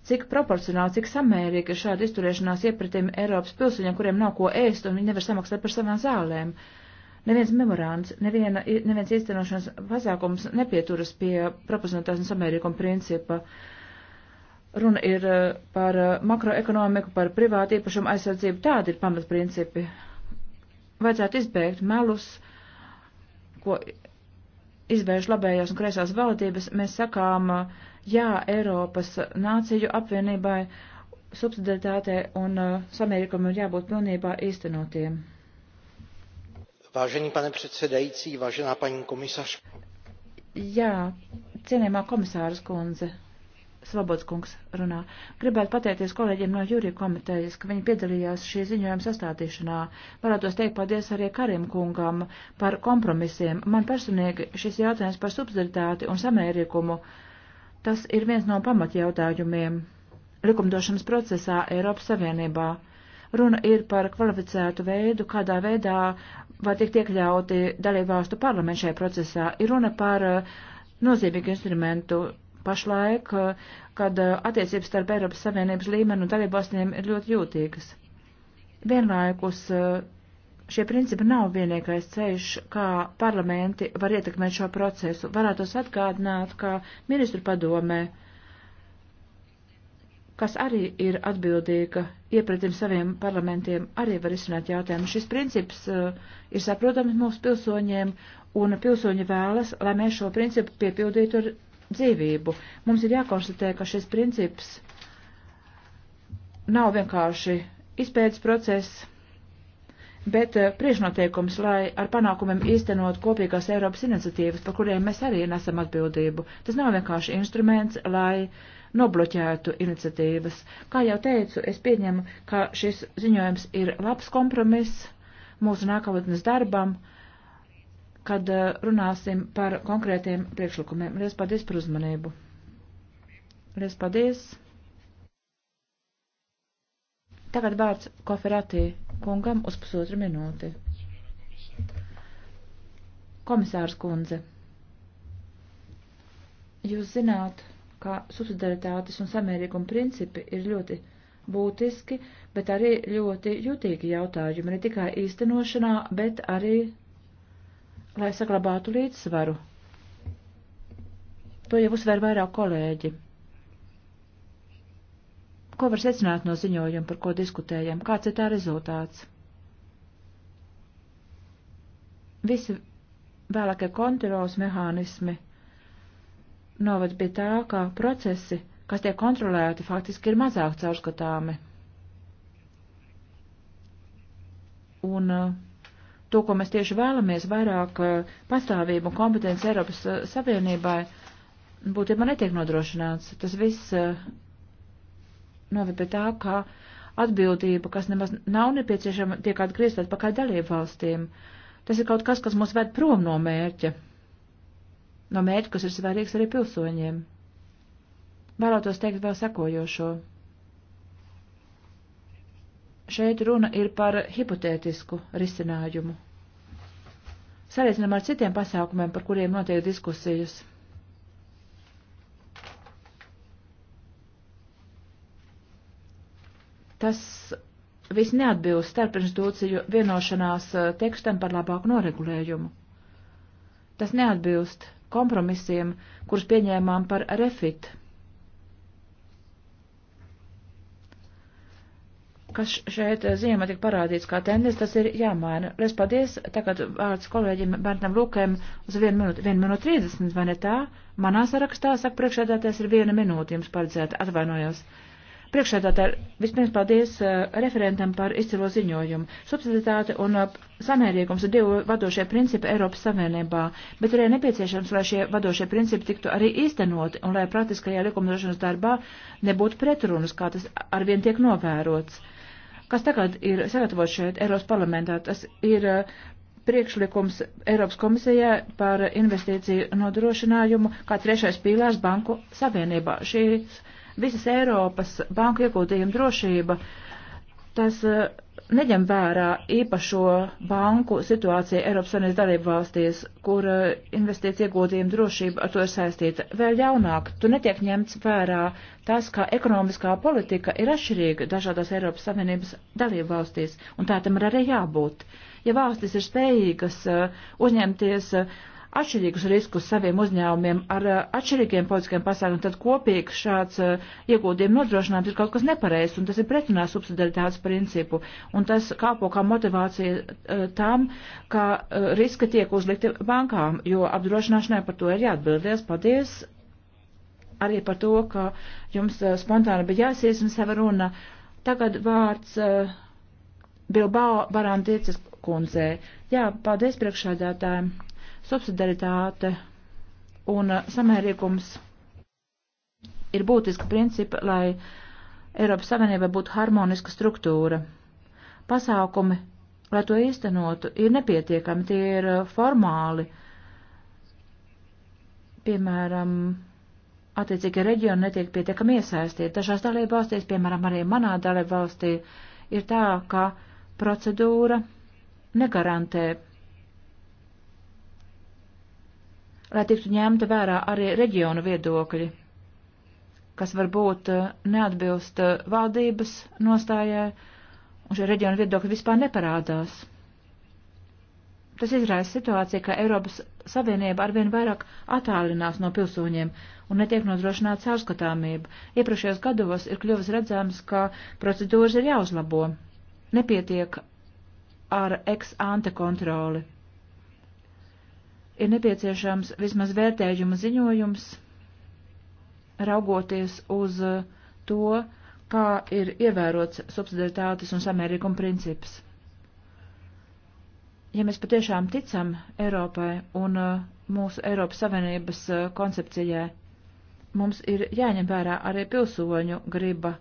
Cik proporcionāli, cik samērīgi ir šāda izturēšanās iepratība Eiropas pilsoņiem, kuriem nav ko ēst, un viņi nevar samaksāt par savām zālēm? Uh, Neviens memorāns, neviena, neviens īstenošanas pasākums nepieturas pie proporcionātās un samērīguma principa. Runa ir eh, par eh, makroekonomiku, par privātu īpašumu aizsardzību. Tādi ir pamatprincipi. Vajadzētu izbēgt melus, ko izvērš labējās un kreisās valdības. Mēs sakām eh, jā Eiropas nāciju apvienībai, subsidētātē un samērīgumam ir jābūt pilnībā īstenotiem. Vážený pane predsedajúci, vážená pani komisārs. Jā, cienījumā komisārs kundze. Svobodskungs runā. Gribētu pateikties kolēģiem no jūrija komitejas, ka viņi piedalījās šī ziņojuma sastādīšanā. Varētos teikt paldies arī Karim kungam par kompromisiem. Man personīgi šis jautājums par subsidiaritāti un samērīgumu, tas ir viens no pamatjautājumiem likumdošanas procesā Eiropas Savienībā. Runa ir par kvalificētu veidu, kādā veidā var tikt iekļauti dalībvalstu parlamentu šajā procesā. Ir runa par uh, nozīmīgu instrumentu pašlaik, uh, kad uh, attiecības starp Eiropas Savienības līmeni un dalībvalstīm ir ļoti jūtīgas. Vienlaikus šie principi nav vienīgais ceļš, kā parlamenti var ietekmēt šo procesu. Varētu atgādināt, ka ministru padomē kas arī ir atbildīga iepretim saviem parlamentiem, arī var izsināt jautājumu. Šis princips uh, ir saprotams mūsu pilsoņiem, un pilsoņi vēlas, lai mēs šo principu piepildītu ar dzīvību. Mums ir jākonstatē, ka šis princips nav vienkārši izpētes process, bet uh, priešnoteikums, lai ar panākumiem īstenot kopīgās Eiropas iniciatīvas, par kuriem mēs arī nesam atbildību. Tas nav vienkārši instruments, lai uh, nobloķētu iniciatīvas. Kā jau teicu, es pieņemu, ka šis ziņojums ir labs kompromiss mūsu nākotnes darbam, kad eh, runāsim par konkrētiem priekšlikumiem. Lies paldies par uzmanību. Lies paldies. Tagad vārds koferatī kungam uz pusotru minūti. Komisārs kundze, jūs zināt, ka subsidaritātes un samērīguma principi ir ļoti būtiski, bet arī ļoti jutīgi jautājumi ne tikai īstenošanā, bet arī, lai saglabātu līdzsvaru. To jau uzsver vairāk kolēģi. Ko var secināt no ziņojuma, par ko diskutējam? Kāds ir tā rezultāts? Visi vēlākie kontrols mehānismi novad pie tā, ka procesi, kas tiek kontrolēti, faktiski ir mazāk caurskatāmi. Un uh, to, ko mēs tieši vēlamies, vairāk uh, pastāvību un kompetenci Eiropas uh, Savienībai, būtībā netiek nodrošināts. Tas viss noved pie tā, ka atbildība, kas nemaz nav nepieciešama, tiek atgrieztāt pakaļ dalību valstīm. Tas ir kaut kas, kas mūs ved prom no mērķa no mērķa, kas ir svarīgs arī pilsoņiem. Vēlētos teikt vēl sekojošo. Šeit runa ir par hipotētisku risinājumu. Salīdzinām ar citiem pasākumiem, par kuriem notiek diskusijas. Tas viss neatbilst starpinstitūciju vienošanās eh, tekstam par labāku noregulējumu. Tas neatbilst kompromisiem, kurus pieņēmām par refit. Kas šeit eh, zīmē tik parādīts kā tendence, tas ir jāmaina. Es paldies, tagad vārds kolēģim Bernam Lūkēm uz 1 minūti, 1 minūti 30, vai ne tā? Manā sarakstā, saka, priekšēdāties ir 1 minūte jums paredzēta, atvainojos. Priekšsēdētāji, vispirms paldies uh, referentam par izcilo ziņojumu. Subsiditāte un uh, samērīgums ir divi vadošie principi Eiropas Savienībā, bet arī nepieciešams, lai šie vadošie principi tiktu arī īstenoti un lai praktiskajā likumdošanas darbā nebūtu pretrunas, kā tas arvien tiek novērots. Kas tagad ir sagatavots šeit Eiropas parlamentā, tas ir uh, priekšlikums Eiropas komisijai par investīciju nodrošinājumu kā trešais pīlārs banku savienībā. Šīs visas Eiropas banku ieguldījumu drošība, tas eh, neņem vērā īpašo banku situāciju Eiropas Savienības dalību valstīs, kur eh, investīcija iegūtījuma drošība ar to ir saistīta. Vēl jaunāk, tu netiek ņemts vērā tas, ka ekonomiskā politika ir atšķirīga dažādās Eiropas Savienības dalību valstīs, un tā tam ir arī jābūt. Ja valstis ir spējīgas eh, uzņemties uh, atšķirīgus riskus saviem uzņēmumiem ar eh, atšķirīgiem politiskiem pasākumiem, tad kopīgi šāds eh, iegūtiem nodrošinājums ir kaut kas nepareizs, un tas ir pretrunā subsidaritātes principu, un tas kāpo kā motivācija eh, tam, ka riska tiek uzlikti bankām, jo apdrošināšanai par to ir jāatbildies. Paldies! Arī par to, ka jums spontāni bija jāsiesina sava runa. Tagad vārds uh, Bilbao Barantieces kundzē. Jā, paldies priekšādātājiem. Subsidaritāte un samērīgums ir būtiski principi, lai Eiropas Savienībai būtu harmoniska struktūra. Pasākumi, lai to īstenotu, ir nepietiekami, tie ir formāli. Piemēram, attiecīgi reģioni netiek pietiekami iesaistīti. Dažās dalība valstīs, piemēram, arī manā dalība valstī, ir tā, ka procedūra negarantē lai tiktu ņemta vērā arī reģionu viedokļi, kas varbūt eh, neatbilst eh, valdības nostājai, un šie reģionu viedokļi vispār neparādās. Tas izraisa situāciju, ka Eiropas Savienība arvien vairāk attālinās no pilsoņiem un netiek nodrošināta caurskatāmība. Iepriekšējos gados ir kļuvis redzams, ka procedūras ir jāuzlabo. Nepietiek ar ex ante kontroli ir nepieciešams vismaz vērtējuma ziņojums, raugoties uz uh, to, kā ir ievērots subsidiaritātes un samērīguma princips. Ja mēs patiešām ticam Eiropai un uh, mūsu Eiropas Savienības uh, koncepcijai, mums ir jāņem vērā arī pilsoņu griba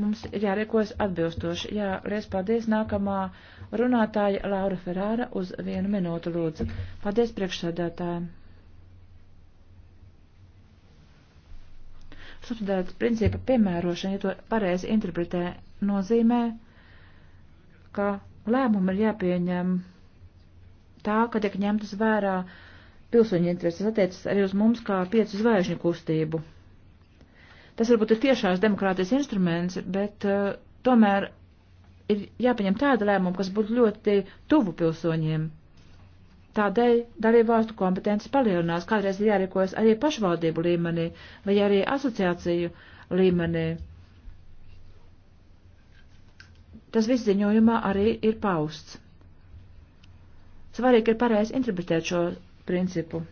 Mums ir jārīkojas atbilstoši. Jā, reiz paldies nākamā runātāja Laura Ferrāra uz vienu minūtu lūdzu. Paldies priekšsēdētājiem. Subsidētas principa piemērošana, ja to pareizi interpretē, nozīmē, ka lēmumi ir jāpieņem tā, ka tiek ņemtas vērā pilsoņu intereses attiecas arī uz mums kā piecu zvēžņu kustību. Tas varbūt ir tiešās demokrātijas instruments, bet uh, tomēr ir jāpieņem tāda lēmuma, kas būtu ļoti tuvu pilsoņiem. Tādēļ dalībvalstu kompetences palielinās, kādreiz ir jārīkojas arī pašvaldību līmenī vai arī asociāciju līmenī. Tas viss ziņojumā arī ir pausts. Svarīgi ir pareizi interpretēt šo principu.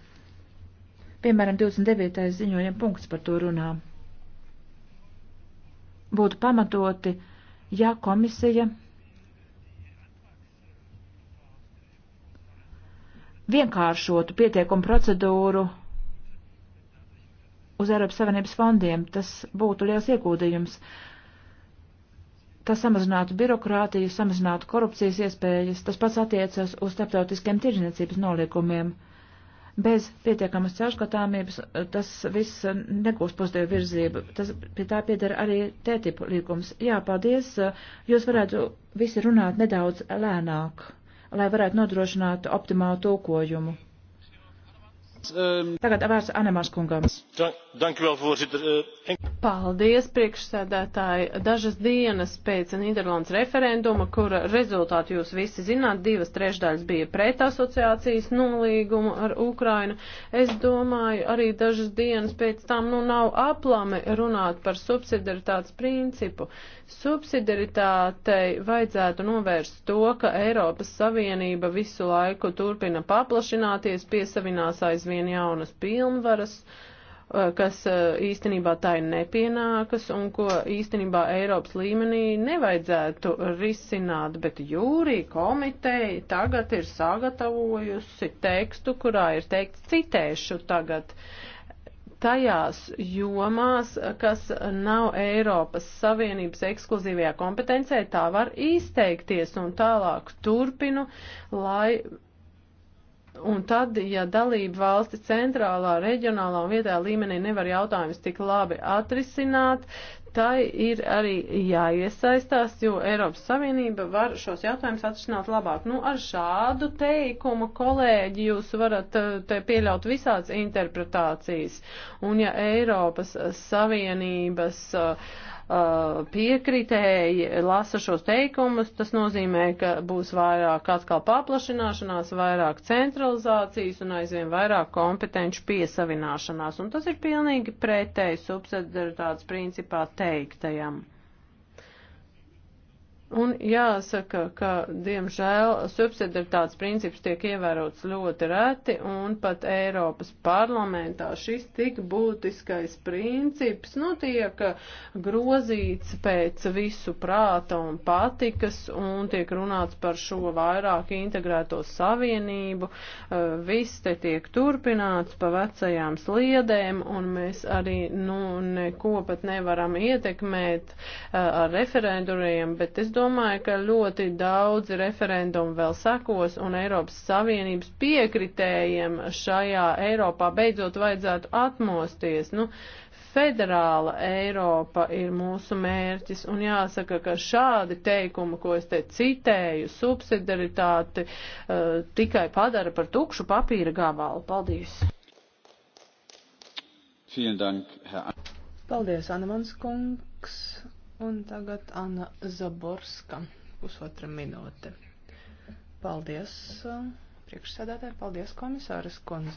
Piemēram, 29. ziņojuma punkts par to runā būtu pamatoti, ja komisija vienkāršotu pietiekumu procedūru uz Eiropas Savienības fondiem. Tas būtu liels ieguldījums. Tas samazinātu birokrātiju, samazinātu korupcijas iespējas. Tas pats attiecas uz starptautiskiem tirzniecības noliekumiem. Bez pietiekamas caurskatāmības eh, tas viss eh, negūs pozitīvu virzību. Tas pie tā piedara arī tētipu līgums. Jā, paldies. Eh, jūs varētu visi runāt nedaudz lēnāk, lai varētu nodrošināt optimālu tulkojumu. Um, Tagad vērts Anemārs kungam. Eh, Paldies, priekšsēdētāji. Dažas dienas pēc Nīderlandes referenduma, kura rezultātu jūs visi zināt, divas trešdaļas bija pret asociācijas nolīgumu ar Ukrainu. Es domāju, arī dažas dienas pēc tam nu nav aplami runāt par subsidaritātes principu. Subsidiaritātei vajadzētu novērst to, ka Eiropas Savienība visu laiku turpina paplašināties, piesavinās aizvien jaunas pilnvaras, eh, kas eh, īstenībā tā ir nepienākas un ko īstenībā Eiropas līmenī nevajadzētu risināt, bet jūrī komiteja tagad ir sagatavojusi tekstu, kurā ir teikts citēšu tagad. Uh, tajās jomās, kas nav Eiropas Savienības ekskluzīvajā kompetencē, tā var izteikties un tālāk turpinu, lai. Un tad, ja dalība valsti centrālā, reģionālā un vietējā līmenī nevar jautājumus tik labi atrisināt, tai ir arī jāiesaistās, jo Eiropas Savienība var šos jautājumus atrisināt labāk. Nu, ar šādu teikumu, kolēģi, jūs varat eh, te pieļaut visādas interpretācijas. Un ja Eiropas Savienības uh, Uh, piekritēji lasa šos teikumus, tas nozīmē, ka būs vairāk atkal paplašināšanās, vairāk centralizācijas un aizvien vairāk kompetenci piesavināšanās. Un tas ir pilnīgi pretēji subsidiaritātes principā teiktajam. Un jāsaka, ka, diemžēl, subsidiaritātes princips tiek ievērots ļoti reti, un pat Eiropas parlamentā šis tik būtiskais princips, nu, tiek grozīts pēc visu prāta un patikas, un tiek runāts par šo vairāk integrēto savienību. Eh, viss te tiek turpināts pa vecajām sliedēm, un mēs arī, nu, neko pat nevaram ietekmēt eh, ar referenduriem, bet es domāju, ka ļoti daudzi referendumi vēl sakos, un Eiropas Savienības piekritējiem šajā Eiropā beidzot vajadzētu atmosties. Nu, federāla Eiropa ir mūsu mērķis, un jāsaka, ka šādi teikumi, ko es te citēju, subsidaritāti uh, tikai padara par tukšu papīra gabalu. Paldies! Dank, Paldies, Anamans kungs! Un tagad Anna Zaborska, pusotra minūte. Paldies, priekšsēdētāji, paldies, komisāras kundze.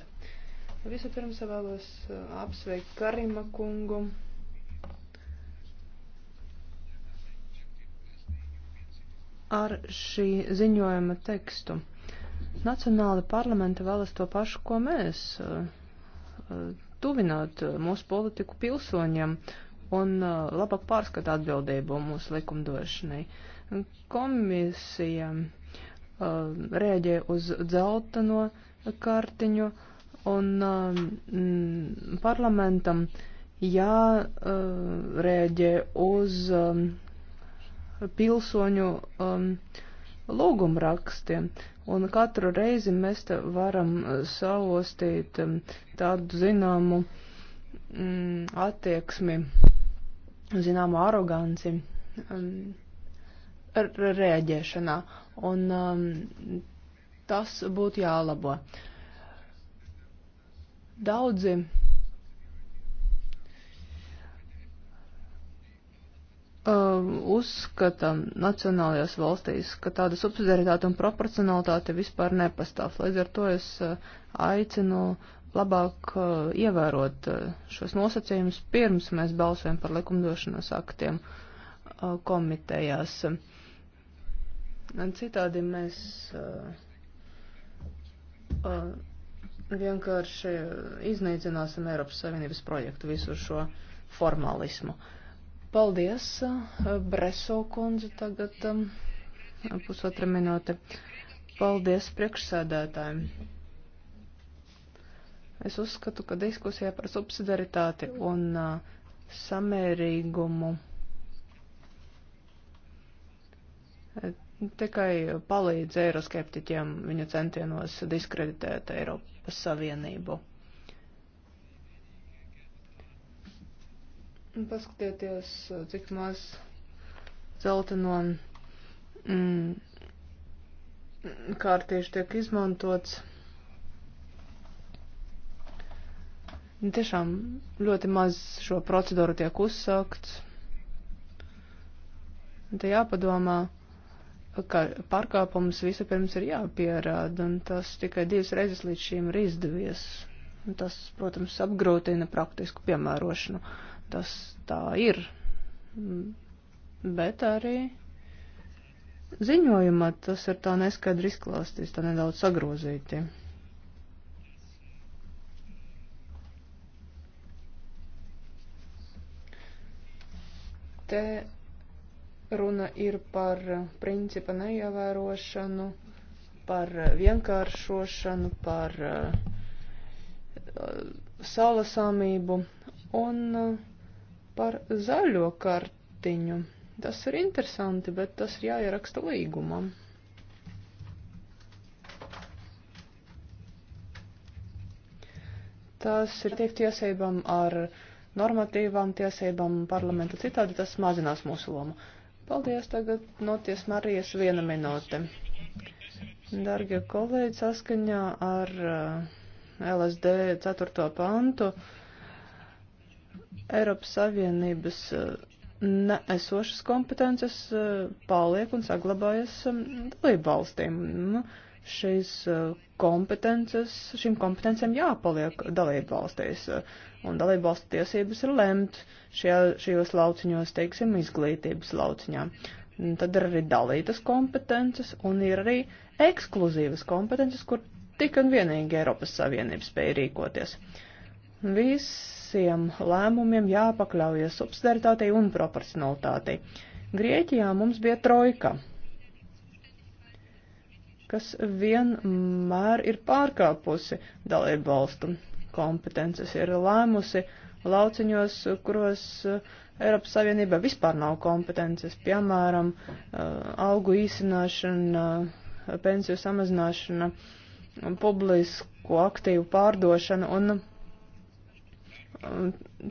Vispirms vēlos uh, apsveikt Karima kungu. Ar šī ziņojuma tekstu. Nacionāli parlamenti vēlas to pašu, ko mēs uh, uh, tuvināt mūsu politiku pilsoņiem. Uh, un uh, labāk pārskata atbildību mūsu likumdošanai. Komisija uh, rēģē uz dzelteno kartiņu un uh, m, parlamentam jārēģē uh, uz um, pilsoņu um, lūgumrakstiem. Un katru reizi mēs te varam uh, saostīt um, tādu zināmu mm, attieksmi zināmu aroganci um, rēģēšanā, un um, tas būtu jālabo. Daudzi um, uzskata nacionālajās valstīs, ka tāda subsidiaritāte un proporcionalitāte vispār nepastāv. Līdz ar to es uh, aicinu uh, labāk uh, ievērot uh, šos nosacījumus pirms mēs balsojam par likumdošanas aktiem uh, komitejās. Citādi mēs uh, uh, vienkārši iznīcināsim Eiropas Savienības projektu visu šo formalismu. Paldies, uh, Breso kundze, tagad um, pusotra minūte. Paldies priekšsēdētājiem. Es uzskatu, ka diskusijā par subsidaritāti un uh, samērīgumu tikai palīdz eiroskeptiķiem viņa centienos diskreditēt Eiropas Savienību. Paskatieties, cik maz zelta no mm, kārtīšu tiek izmantots. Nu, tiešām ļoti maz šo procedūru tiek uzsākts. Te jāpadomā, ka pārkāpums vispirms ir jāpierāda, un tas tikai divas reizes līdz šīm ir izdevies. Tas, protams, apgrūtina praktisku piemērošanu. Tas tā ir. Bet arī ziņojumā tas ir tā neskaidri izklāstīts, tā nedaudz sagrozīti. Te runa ir par principa neievērošanu, par vienkāršošanu, par eh, saulasāmību un eh, par zaļo kartiņu. Tas ir interesanti, bet tas ir jāieraksta līgumam. Tas ir tiek tiesībām ar uh, normatīvām tiesībām parlamentu citādi, tas mazinās mūsu lomu. Paldies, tagad noties Marijas viena minūte. Dargie kolēģi, saskaņā ar eh, LSD 4. pantu Eiropas Savienības eh, neesošas kompetences eh, paliek un saglabājas dalību valstīm. Nu, šīs uh, kompetences, šīm kompetencijām jāpaliek dalību valstīs, uh, un dalību valstu tiesības ir lemt šajā, šajos lauciņos, teiksim, izglītības lauciņā. Un tad ir arī dalītas kompetences, un ir arī ekskluzīvas kompetences, kur tik un vienīgi Eiropas Savienība spēja rīkoties. Visiem lēmumiem jāpakļaujas subsidiaritātei un proporcionalitātei. Grieķijā mums bija trojka kas vienmēr ir pārkāpusi dalību valstu kompetences, ir lēmusi lauciņos, kuros eh, Eiropas Savienībā vispār nav kompetences, piemēram, eh, augu īsināšana, eh, pensiju samazināšana, publisko aktīvu pārdošana un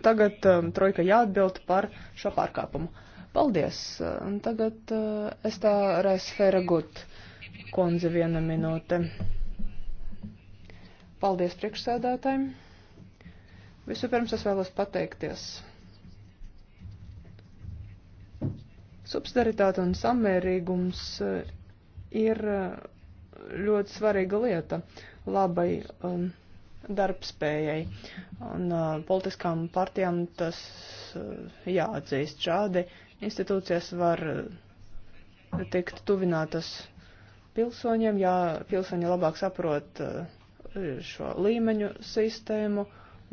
tagad trojka jāatbild par šo pārkāpumu. Paldies! Un tagad es tā resfēra gut kundze viena minūte. Paldies priekšsēdētājiem. Vispirms es vēlos pateikties. Subsidaritāte un samērīgums eh, ir eh, ļoti svarīga lieta labai um, darbspējai. Un uh, politiskām partijām tas uh, jāatzīst. Šādi institūcijas var uh, tikt tuvinātas pilsoņiem, ja pilsoņi labāk saprot eh, šo līmeņu sistēmu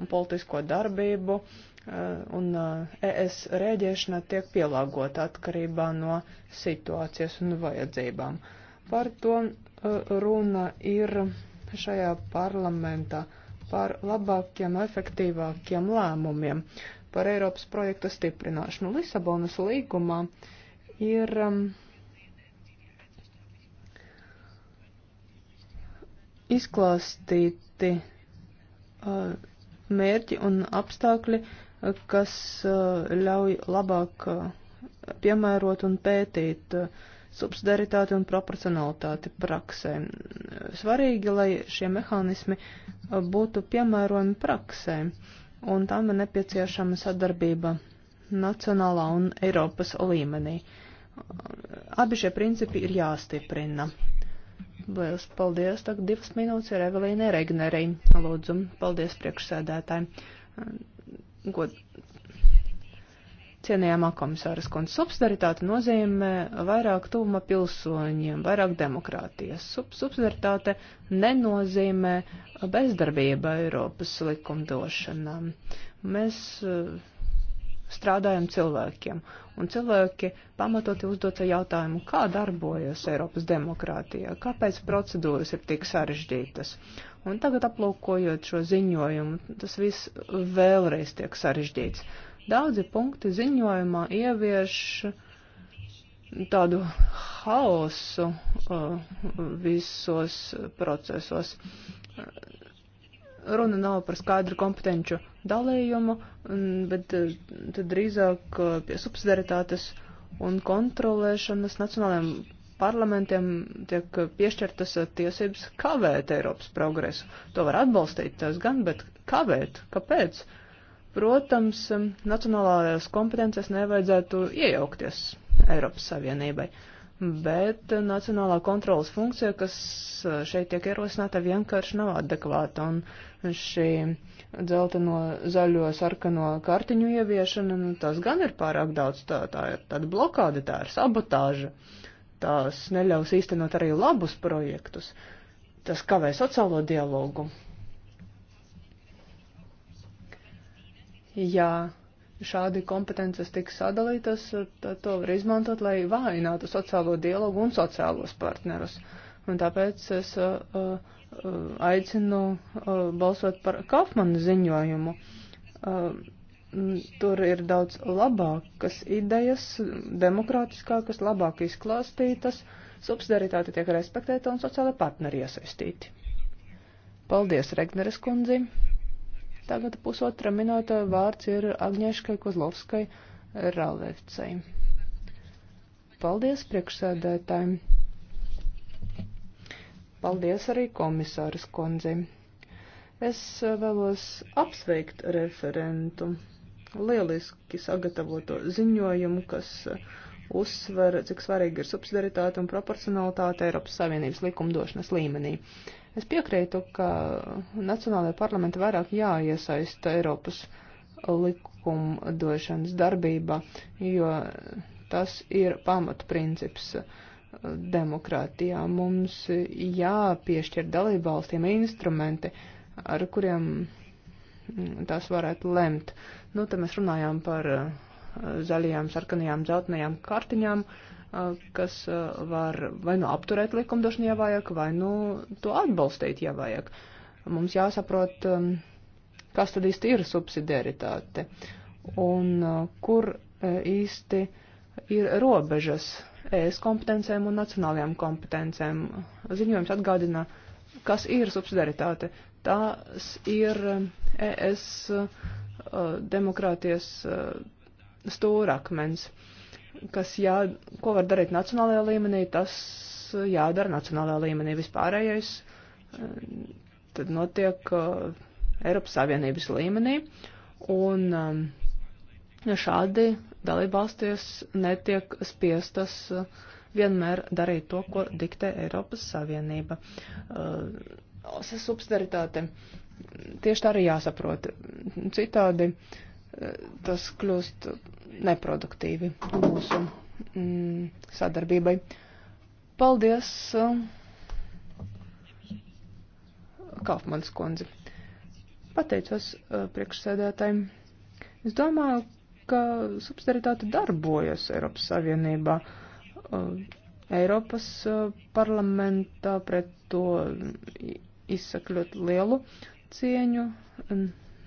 un politisko darbību, eh, un ES eh, e rēģēšana tiek pielāgota atkarībā no situācijas un vajadzībām. Par to runa ir šajā parlamentā par labākiem, efektīvākiem lēmumiem, par Eiropas projekta stiprināšanu. Lisabonas līgumā ir um, izklāstīti uh, mērķi un apstākļi, uh, kas uh, ļauj labāk uh, piemērot un pētīt uh, subsidiaritāti un proporcionalitāti praksē. Svarīgi, lai šie mehānismi uh, būtu piemērojami praksē, un tam ir nepieciešama sadarbība nacionālā un Eiropas līmenī. Abi šie principi ir jāstiprina. Lielas paldies. Tagad divas minūtes ir Evelīna Regnerī. Lūdzu, paldies priekšsēdētāji. God. Cienījamā komisāras kundze, subsidaritāte nozīmē vairāk tuvuma pilsoņiem, vairāk demokrātijas. Sub subsidaritāte nenozīmē bezdarbība Eiropas likumdošanā. Mēs uh, strādājam cilvēkiem. Un cilvēki pamatoti uzdod jautājumu, kā darbojas Eiropas demokrātija, kāpēc procedūras ir tik sarežģītas. Un tagad aplūkojot šo ziņojumu, tas viss vēlreiz tiek sarežģīts. Daudzi punkti ziņojumā ievieš tādu haosu uh, visos procesos Runa nav par skaidru kompetenču dalījumu, bet eh, tad drīzāk eh, pie subsidiaritātes un kontrolēšanas nacionālajiem parlamentiem tiek eh, piešķirtas tiesības kavēt Eiropas progresu. To var atbalstīt tas gan, bet kavēt? Kāpēc? Protams, nacionālajās kompetences nevajadzētu iejaukties Eiropas Savienībai, bet nacionālā kontrolas funkcija, kas šeit tiek ierosināta, vienkārši nav adekvāta, un šī dzelteno, zaļo, sarkano kartiņu ieviešana, nu, tas gan ir pārāk daudz, tā, tā ir tāda blokāde, tā ir sabotāža, tās neļaus īstenot arī labus projektus, tas kavē sociālo dialogu. Ja šādi kompetences tiks sadalītas, tad to var izmantot, lai vājinātu sociālo dialogu un sociālos partnerus. Uh, Un tāpēc es uh, uh, aicinu uh, balsot par Kaufmanu ziņojumu. Tur ir daudz labākas idejas, demokrātiskākas, labāk izklāstītas, subsidiaritāte tiek respektēta un sociālai partneri iesaistīti. Paldies, Regneres kundzi. Tagad pusotra minūte vārds ir Agnieškai Kozlovskai Ralevcei. Paldies priekšsēdētājiem. Paldies arī komisāras kundzi. Es eh, vēlos apsveikt referentu. Lieliski sagatavoto ziņojumu, kas eh, uzsver, cik svarīgi ir subsidiaritāte un proporcionalitāte Eiropas Savienības likumdošanas līmenī. Es piekrītu, ka Nacionālajā parlamenta vairāk jāiesaista Eiropas likumdošanas darbībā, jo tas ir pamatprincips. princips demokrātijā. Mums jāpiešķir dalībvalstiem instrumenti, ar kuriem mm, tās varētu lemt. Nu, te mēs runājām par eh, zaļajām, sarkanajām, dzeltenajām kartiņām, eh, kas eh, var vai nu apturēt likumdošanu, ja vajag, vai nu to atbalstīt, ja vajag. Mums jāsaprot, mm, kas tad īsti ir subsidiaritāte un kur īsti ir robežas ES kompetencēm un nacionālajām kompetencēm. Ziņojums atgādina, kas ir subsidaritāte. Tās ir eh, ES eh, demokrātijas eh, stūrakmens, kas jā, ko var darīt nacionālajā līmenī, tas jādara nacionālajā līmenī. Vispārējais tad notiek Eiropas Savienības līmenī. Un um, Šādi dalībvalsties netiek spiestas uh, vienmēr darīt to, ko diktē Eiropas Savienība. Uh, Subsidaritāte tieši tā arī jāsaprot. Citādi uh, tas kļūst neproduktīvi mūsu mm, sadarbībai. Paldies, Kaufmanis kundze. Pateicos priekšsēdētājiem. Es domāju, ka subsidiaritāte darbojas Eiropas Savienībā. Uh, Eiropas uh, parlamentā pret to izsaka ļoti lielu cieņu.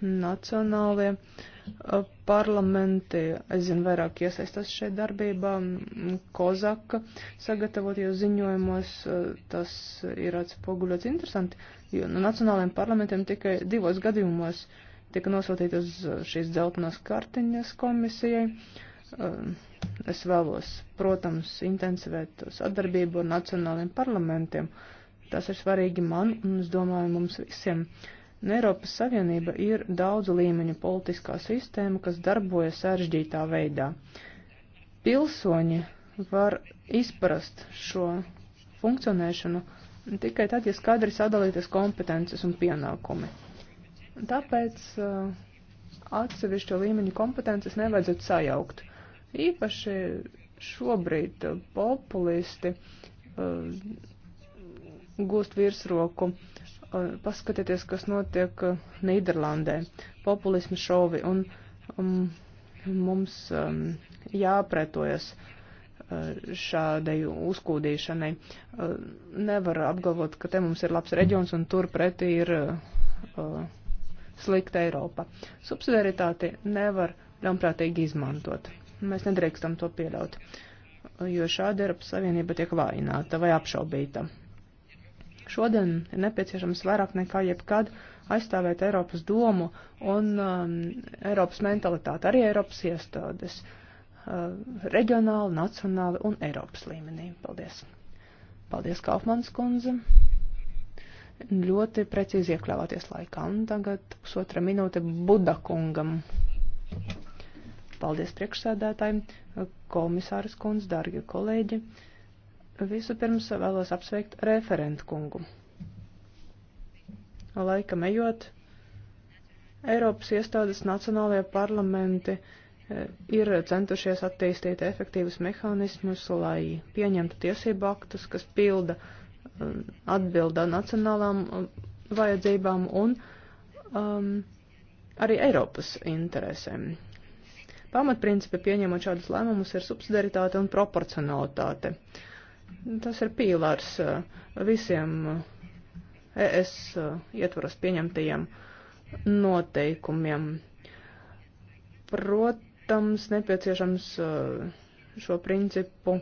Nacionālie uh, parlamenti, es zinu, vairāk iesaistās šeit darbībā, Kozaka sagatavotajos ziņojumos, tas ir atspoguļots interesanti, jo no nu, nacionālajiem parlamentiem tikai divos gadījumos uh, tika nosūtīta uz šīs dzeltenās kartiņas komisijai. Um, es vēlos, protams, intensivēt sadarbību ar nacionāliem parlamentiem. Tas ir svarīgi man un, es domāju, mums visiem. Un Eiropas Savienība ir daudzu līmeņu politiskā sistēma, kas darbojas sarežģītā veidā. Pilsoņi var izprast šo funkcionēšanu tikai tad, ja skaidri sadalītas kompetences un pienākumi. Tāpēc uh, atsevišķo līmeņu kompetences nevajadzētu sajaukt. Īpaši šobrīd uh, populisti uh, gūst virsroku. Paskatieties, kas notiek Nīderlandē. Populismu šovi un um, mums um, jāpretojas šādai uzkūdīšanai. Nevar apgalvot, ka te mums ir labs reģions un tur pretī ir uh, slikta Eiropa. Subsidiaritāti nevar ļaunprātīgi izmantot. Mēs nedrīkstam to pieļaut, jo šāda Eiropas Savienība tiek vājināta vai apšaubīta. Šodien ir nepieciešams vairāk nekā jebkad aizstāvēt Eiropas domu un um, Eiropas mentalitāti, arī Eiropas iestādes, uh, reģionāli, nacionāli un Eiropas līmenī. Paldies! Paldies, Kaufmanas kundze! ļoti precīzi iekļāvāties laikā. Un tagad pusotra minūte Budakungam. Paldies priekšsēdētājiem, komisāras kundz, dargi kolēģi. Visu pirms vēlos apsveikt referentu kungu. Laika ejot, Eiropas iestādes nacionālajie parlamenti e, ir centušies attīstīt efektīvus mehānismus, lai pieņemtu tiesību aktus, kas pilda atbildā nacionālām um, vajadzībām un um, arī Eiropas interesēm. Pamatprincipi pieņemot šādus lēmumus ir subsidiaritāte un proporcionalitāte. Tas ir pīlārs uh, visiem uh, ES uh, ietvaros pieņemtajiem noteikumiem. Protams, nepieciešams šo principu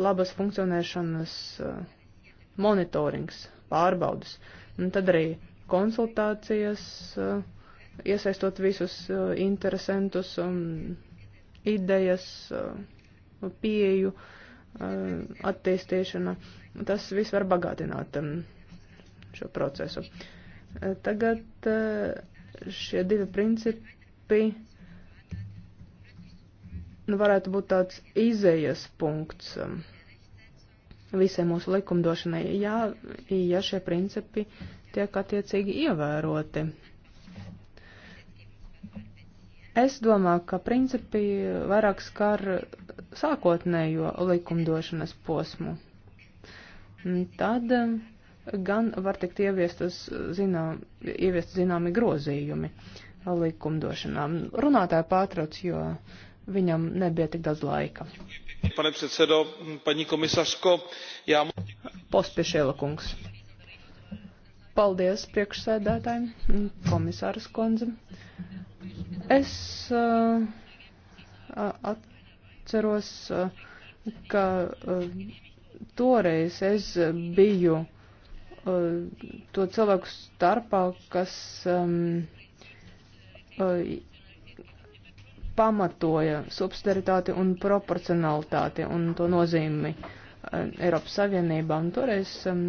labas funkcionēšanas uh, monitorings, pārbaudas, un tad arī konsultācijas, eh, iesaistot visus eh, interesantus, idejas, eh, pieju, attīstīšana. Tas viss var bagātināt mm, šo procesu. Tagad šie divi principi nu, varētu būt tāds izējas punkts. Um, visai mūsu likumdošanai, ja, ja šie principi tiek attiecīgi ievēroti. Es domāju, ka principi vairāk skar sākotnējo likumdošanas posmu. Tad gan var tikt ieviestas zinām, ieviest zināmi grozījumi likumdošanām. Runātāja pārtrauc, jo viņam nebija tik daudz laika. Pane předsedo, paní komisařko, jā. Pospiešēla kungs. Paldies priekšsēdētājiem, komisāras kundze. Es uh, atceros, uh, ka uh, toreiz es biju uh, to cilvēku starpā, kas um, uh, pamatoja subsidiaritāti un proporcionalitāti un to nozīmi eh, Eiropas Savienībā. Un toreiz um,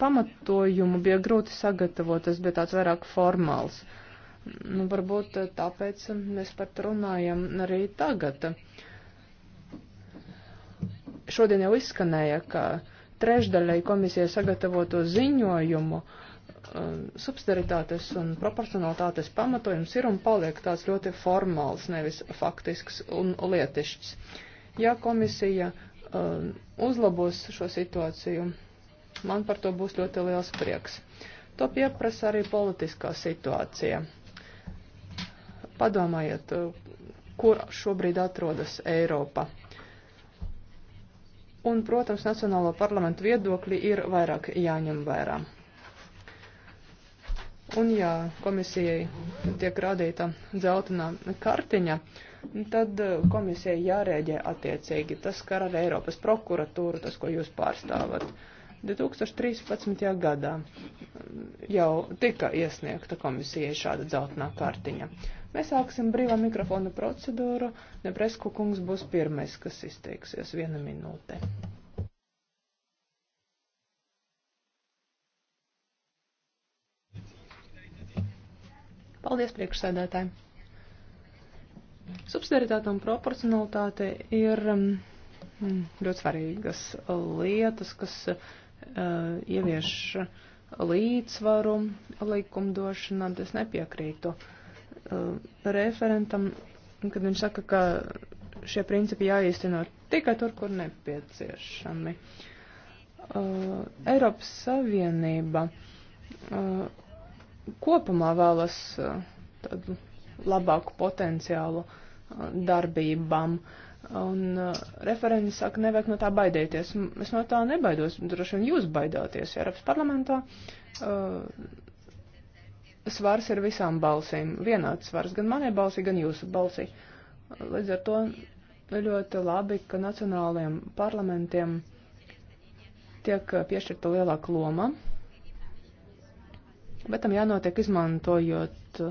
pamatojumu bija grūti sagatavot, tas bija tāds vairāk formāls. Nu, varbūt eh, tāpēc mm, mēs par to runājam arī tagad. Šodien jau izskanēja, ka trešdaļai komisija sagatavoto ziņojumu uh, Eh, subsidiaritātes un proporcionalitātes pamatojums ir un paliek tāds ļoti formāls, nevis faktisks un lietišķs. Ja komisija uh, uzlabos šo situāciju, man par to būs ļoti liels prieks. To pieprasa arī politiskā situācija. Padomājiet, eh, kur šobrīd atrodas Eiropa. Un, protams, Nacionālo parlamentu viedokļi ir vairāk jāņem vērā. Un ja komisijai tiek rādīta dzeltenā kartiņa, tad eh, komisijai jārēģē attiecīgi. Tas skar arī Eiropas prokuratūru, tas, ko jūs pārstāvat. 2013. gadā mm, jau tika iesniegta komisijai šāda dzeltenā kartiņa. Mēs sāksim brīvā mikrofona procedūru. Nepresku kungs būs pirmais, kas izteiksies viena minūte. Paldies priekšsēdētāji. Subsidiaritāte un proporcionalitāte ir um, mm, ļoti svarīgas lietas, kas uh, ievieš līdzsvaru likumdošanā. Es nepiekrītu uh, referentam, kad viņš saka, ka šie principi jāīsteno tikai tur, kur nepieciešami. Uh, Eiropas Savienība uh, kopumā vēlas eh, tādu labāku potenciālu eh, darbībām. Un eh, referents saka, nevajag no tā baidēties. Es no tā nebaidos, droši vien jūs baidāties Eiropas parlamentā. Svars ir visām balsīm, vienāds svars, gan manai balsī, gan jūsu balsī. Līdz ar to ļoti labi, ka nacionālajiem parlamentiem tiek piešķirta lielāka loma bet tam jānotiek izmantojot uh,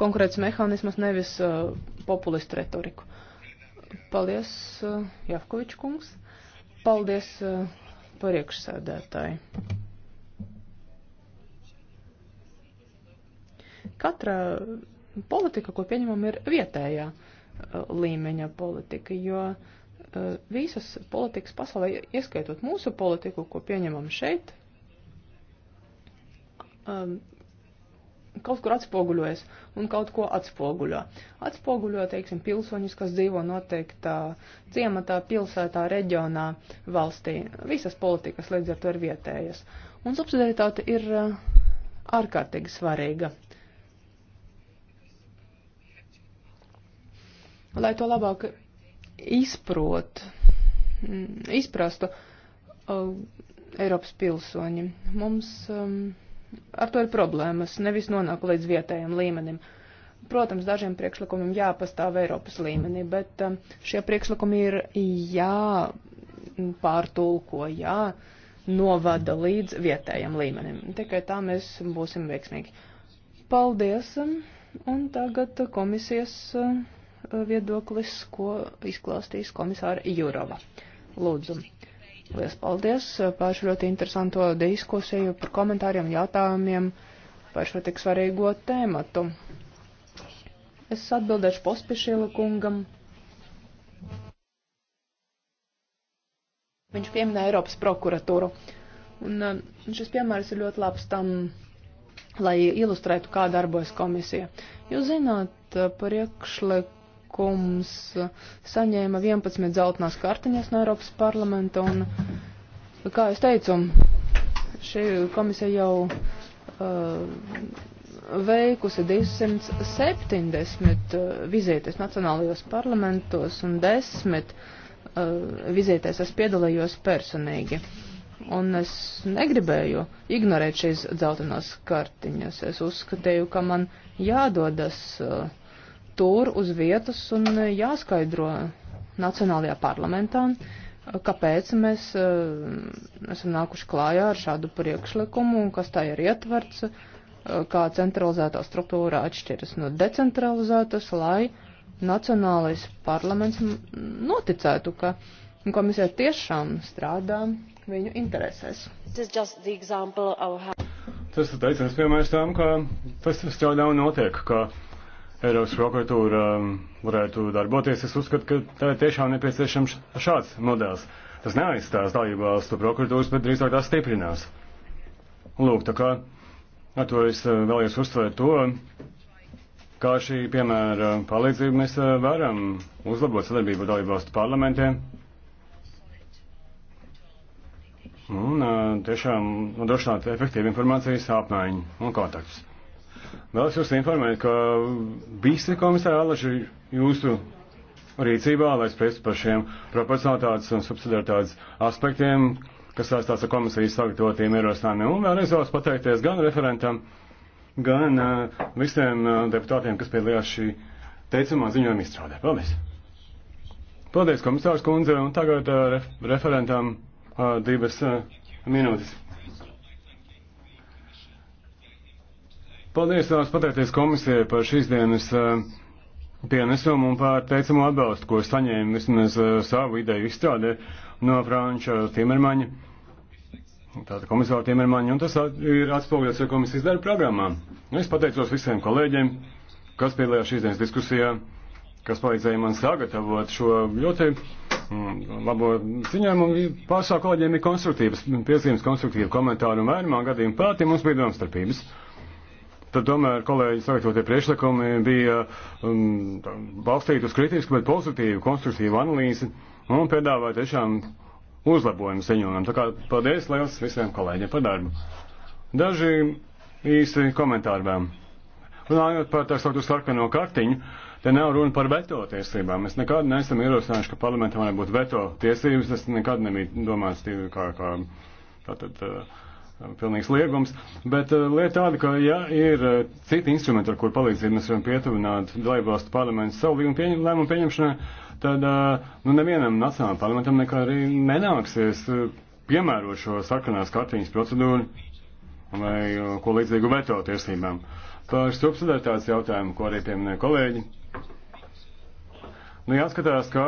konkurētas mehānismas, nevis uh, populistu retoriku. Paldies, uh, Jafkovičs kungs. Paldies uh, par iekšsēdētāju. Katra politika, ko pieņemam, ir vietējā uh, līmeņa politika, jo uh, visas politikas pasaulē, ieskaitot mūsu politiku, ko pieņemam šeit, um, kaut kur atspoguļojas un kaut ko atspoguļo. Atspoguļo, teiksim, pilsoņus, kas dzīvo noteiktā ciematā, pilsētā, reģionā, valstī. Visas politikas līdz ar to ir vietējas. Un subsidiaritāte ir uh, ārkārtīgi svarīga. Lai to labāk izprot, mm, izprastu uh, Eiropas pilsoņi, mums um, ar to ir problēmas, nevis nonāk līdz vietējiem līmenim. Protams, dažiem priekšlikumiem jāpastāv Eiropas līmenī, bet um, šie priekšlikumi ir jāpārtulko, jānovada līdz vietējiem līmenim. Tikai tā mēs būsim veiksmīgi. Paldies! Um, un tagad komisijas um, viedoklis, ko izklāstīs komisāra Jurova. Lūdzu. Lielas paldies eh, par šo ļoti interesanto diskusiju, par komentāriem, jautājumiem, par šo tik svarīgo tēmatu. Es atbildēšu pospišīla kungam. Viņš pieminēja Eiropas prokuratūru. Un eh, šis piemērs ir ļoti labs tam, lai ilustrētu, kā darbojas komisija. Jūs zināt, eh, priekšlikumu likums saņēma 11 zeltnās kartiņas no Eiropas parlamenta un Kā es teicu, šī komisija jau uh, veikusi 270 uh, vizītes nacionālajos parlamentos un 10 uh, vizītēs es piedalījos personīgi. Un es negribēju ignorēt šīs dzeltenās kartiņas. Es uzskatīju, ka man jādodas uh, tur uz vietas un jāskaidro nacionālajā parlamentā. Uh, kāpēc mēs eh, esam nākuši klājā ar šādu priekšlikumu un kas tā ir ietverts, eh, kā centralizētā struktūra atšķiras no decentralizētas, lai Nacionālais parlaments noticētu, ka komisija tiešām strādā viņu interesēs. Tas ir teicams piemērs tam, ka tas jau ļauj notiek, ka Eiropas prokuratūra um, varētu darboties, es uzskatu, ka tā ir tiešām nepieciešams šāds modelis. Tas neaizstās dalībvalstu prokuratūras, bet drīzāk tās stiprinās. Lūk, tā kā ar to es uh, vēlējos uzsvērt to, kā šī piemēra palīdzību mēs uh, varam uzlabot sadarbību dalībvalstu parlamentiem. Un uh, tiešām nodrošināt efektīvu informācijas apmaiņu un kontaktus. Vēlos jūs informēt, ka visi komisāri alaži jūsu rīcībā, lai spriestu par šiem proporcionalitātes un subsidiaritātes aspektiem, kas saistās ar komisijas sagatavotiem ierosinājumiem. Un vēlreiz vēlos pateikties gan referentam, gan uh, visiem uh, deputātiem, kas piedalījās šī teicamā ziņojuma izstrādē. Paldies! Paldies, komisārs kundze, un tagad uh, ref referentam uh, divas uh, minūtes. Paldies, vēlos pateikties komisijai par šīs dienas eh, pienesumu un par teicamo atbalstu, ko saņēmu vismaz eh, savu ideju izstrādē no Franča Timermaņa. Tātad komisāra Timermaņa, un tas ir atspoguļots ar komisijas darba programmā. Nu, es pateicos visiem kolēģiem, kas piedalījās šīs dienas diskusijā, kas palīdzēja man sagatavot šo ļoti mm, labo ziņojumu. Pārsā kolēģiem ir konstruktīvas piezīmes, konstruktīvi komentāri un vērumā gadījumi pēti, mums bija domstarpības tad tomēr kolēģi sagatavotie priekšlikumi bija um, balstīti uz kritisku, bet pozitīvu, konstruktīvu analīzi un piedāvāja tiešām uzlabojumu ziņojumam. Tā kā paldies liels visiem kolēģiem par darbu. Daži īsi komentāri vēl. Runājot par tā saucamo sarkano kartiņu, te nav runa par veto tiesībām. Mēs nekad neesam ierosinājuši, ka parlamentam varētu būt veto tiesības. Tas nekad nebija domāts kā, kā tātad. Uh, pilnīgs liegums, bet eh, lieta tāda, ka ja ir eh, citi instrumenti, ar kur palīdzību mēs varam pietuvināt dalībvalstu parlamentu savu līgumu pieņem, lēmumu pieņemšanai, tad eh, nu, nevienam nacionālam parlamentam nekā arī nenāksies piemērot šo sarkanās kartiņas procedūru vai ko līdzīgu veto tiesībām. Par subsidētāts jautājumu, ko arī pieminēja kolēģi. Nu, jāskatās, ka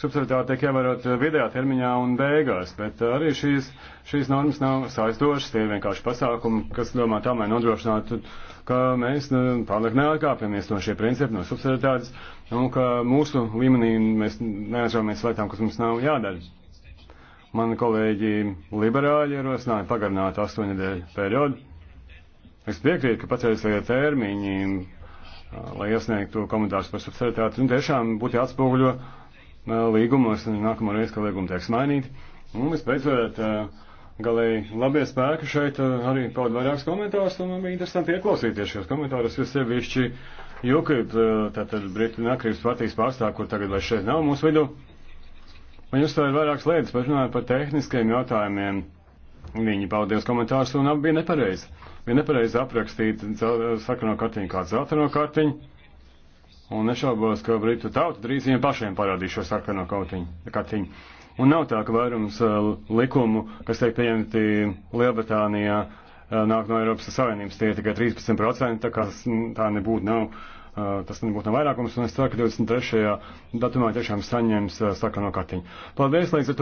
subsidiāte tiek ievērot vidējā termiņā un beigās, bet arī šīs, šīs normas nav saistošas, tie ir vienkārši pasākumi, kas domā tam, lai nodrošinātu, ka mēs nu, pārliek neatkāpjamies no šie principi, no subsidiātes, un ka mūsu līmenī mēs neaizraujamies lietām, kas mums nav jādara. Mani kolēģi liberāļi ierosināja pagarināt astoņu nedēļu periodu. Es piekrītu, ka paceļas termiņi lai iesniegtu komentārus par subsidiaritāti. Un tiešām būtu jāatspoguļo līgumos nākamā reize, kad līguma tiek mainīti. Un vispēcot, galēji labie spēki šeit arī pauda vairākus komentārus, un man bija interesanti ieklausīties šos komentārus, jo sevišķi UKIP, tātad Britu neatkarības partijas pārstāv, kur tagad vairs šeit nav mūsu vidū. Man uzstāja vairākas lietas, bet runāja par tehniskiem jautājumiem. Viņi paudies komentārus un abi bija nepareizi bija nepareizi aprakstīta sarkanā kartiņa kā dzeltenā kartiņa. Un nešaubos, ka Britu tauta drīz viņiem pašiem parādīs šo sarkano kartiņu. Un nav tā, ka vairums eh, likumu, kas tiek pieņemti Lielbritānijā, eh, nāk no Eiropas Savienības. Tie ir tikai 13%, tā kā tā nebūtu nav. Eh, tas nebūtu nav vairākums, un es ceru, ka 23. datumā tiešām saņems sarkano kartiņu. Paldies, līdz ar to.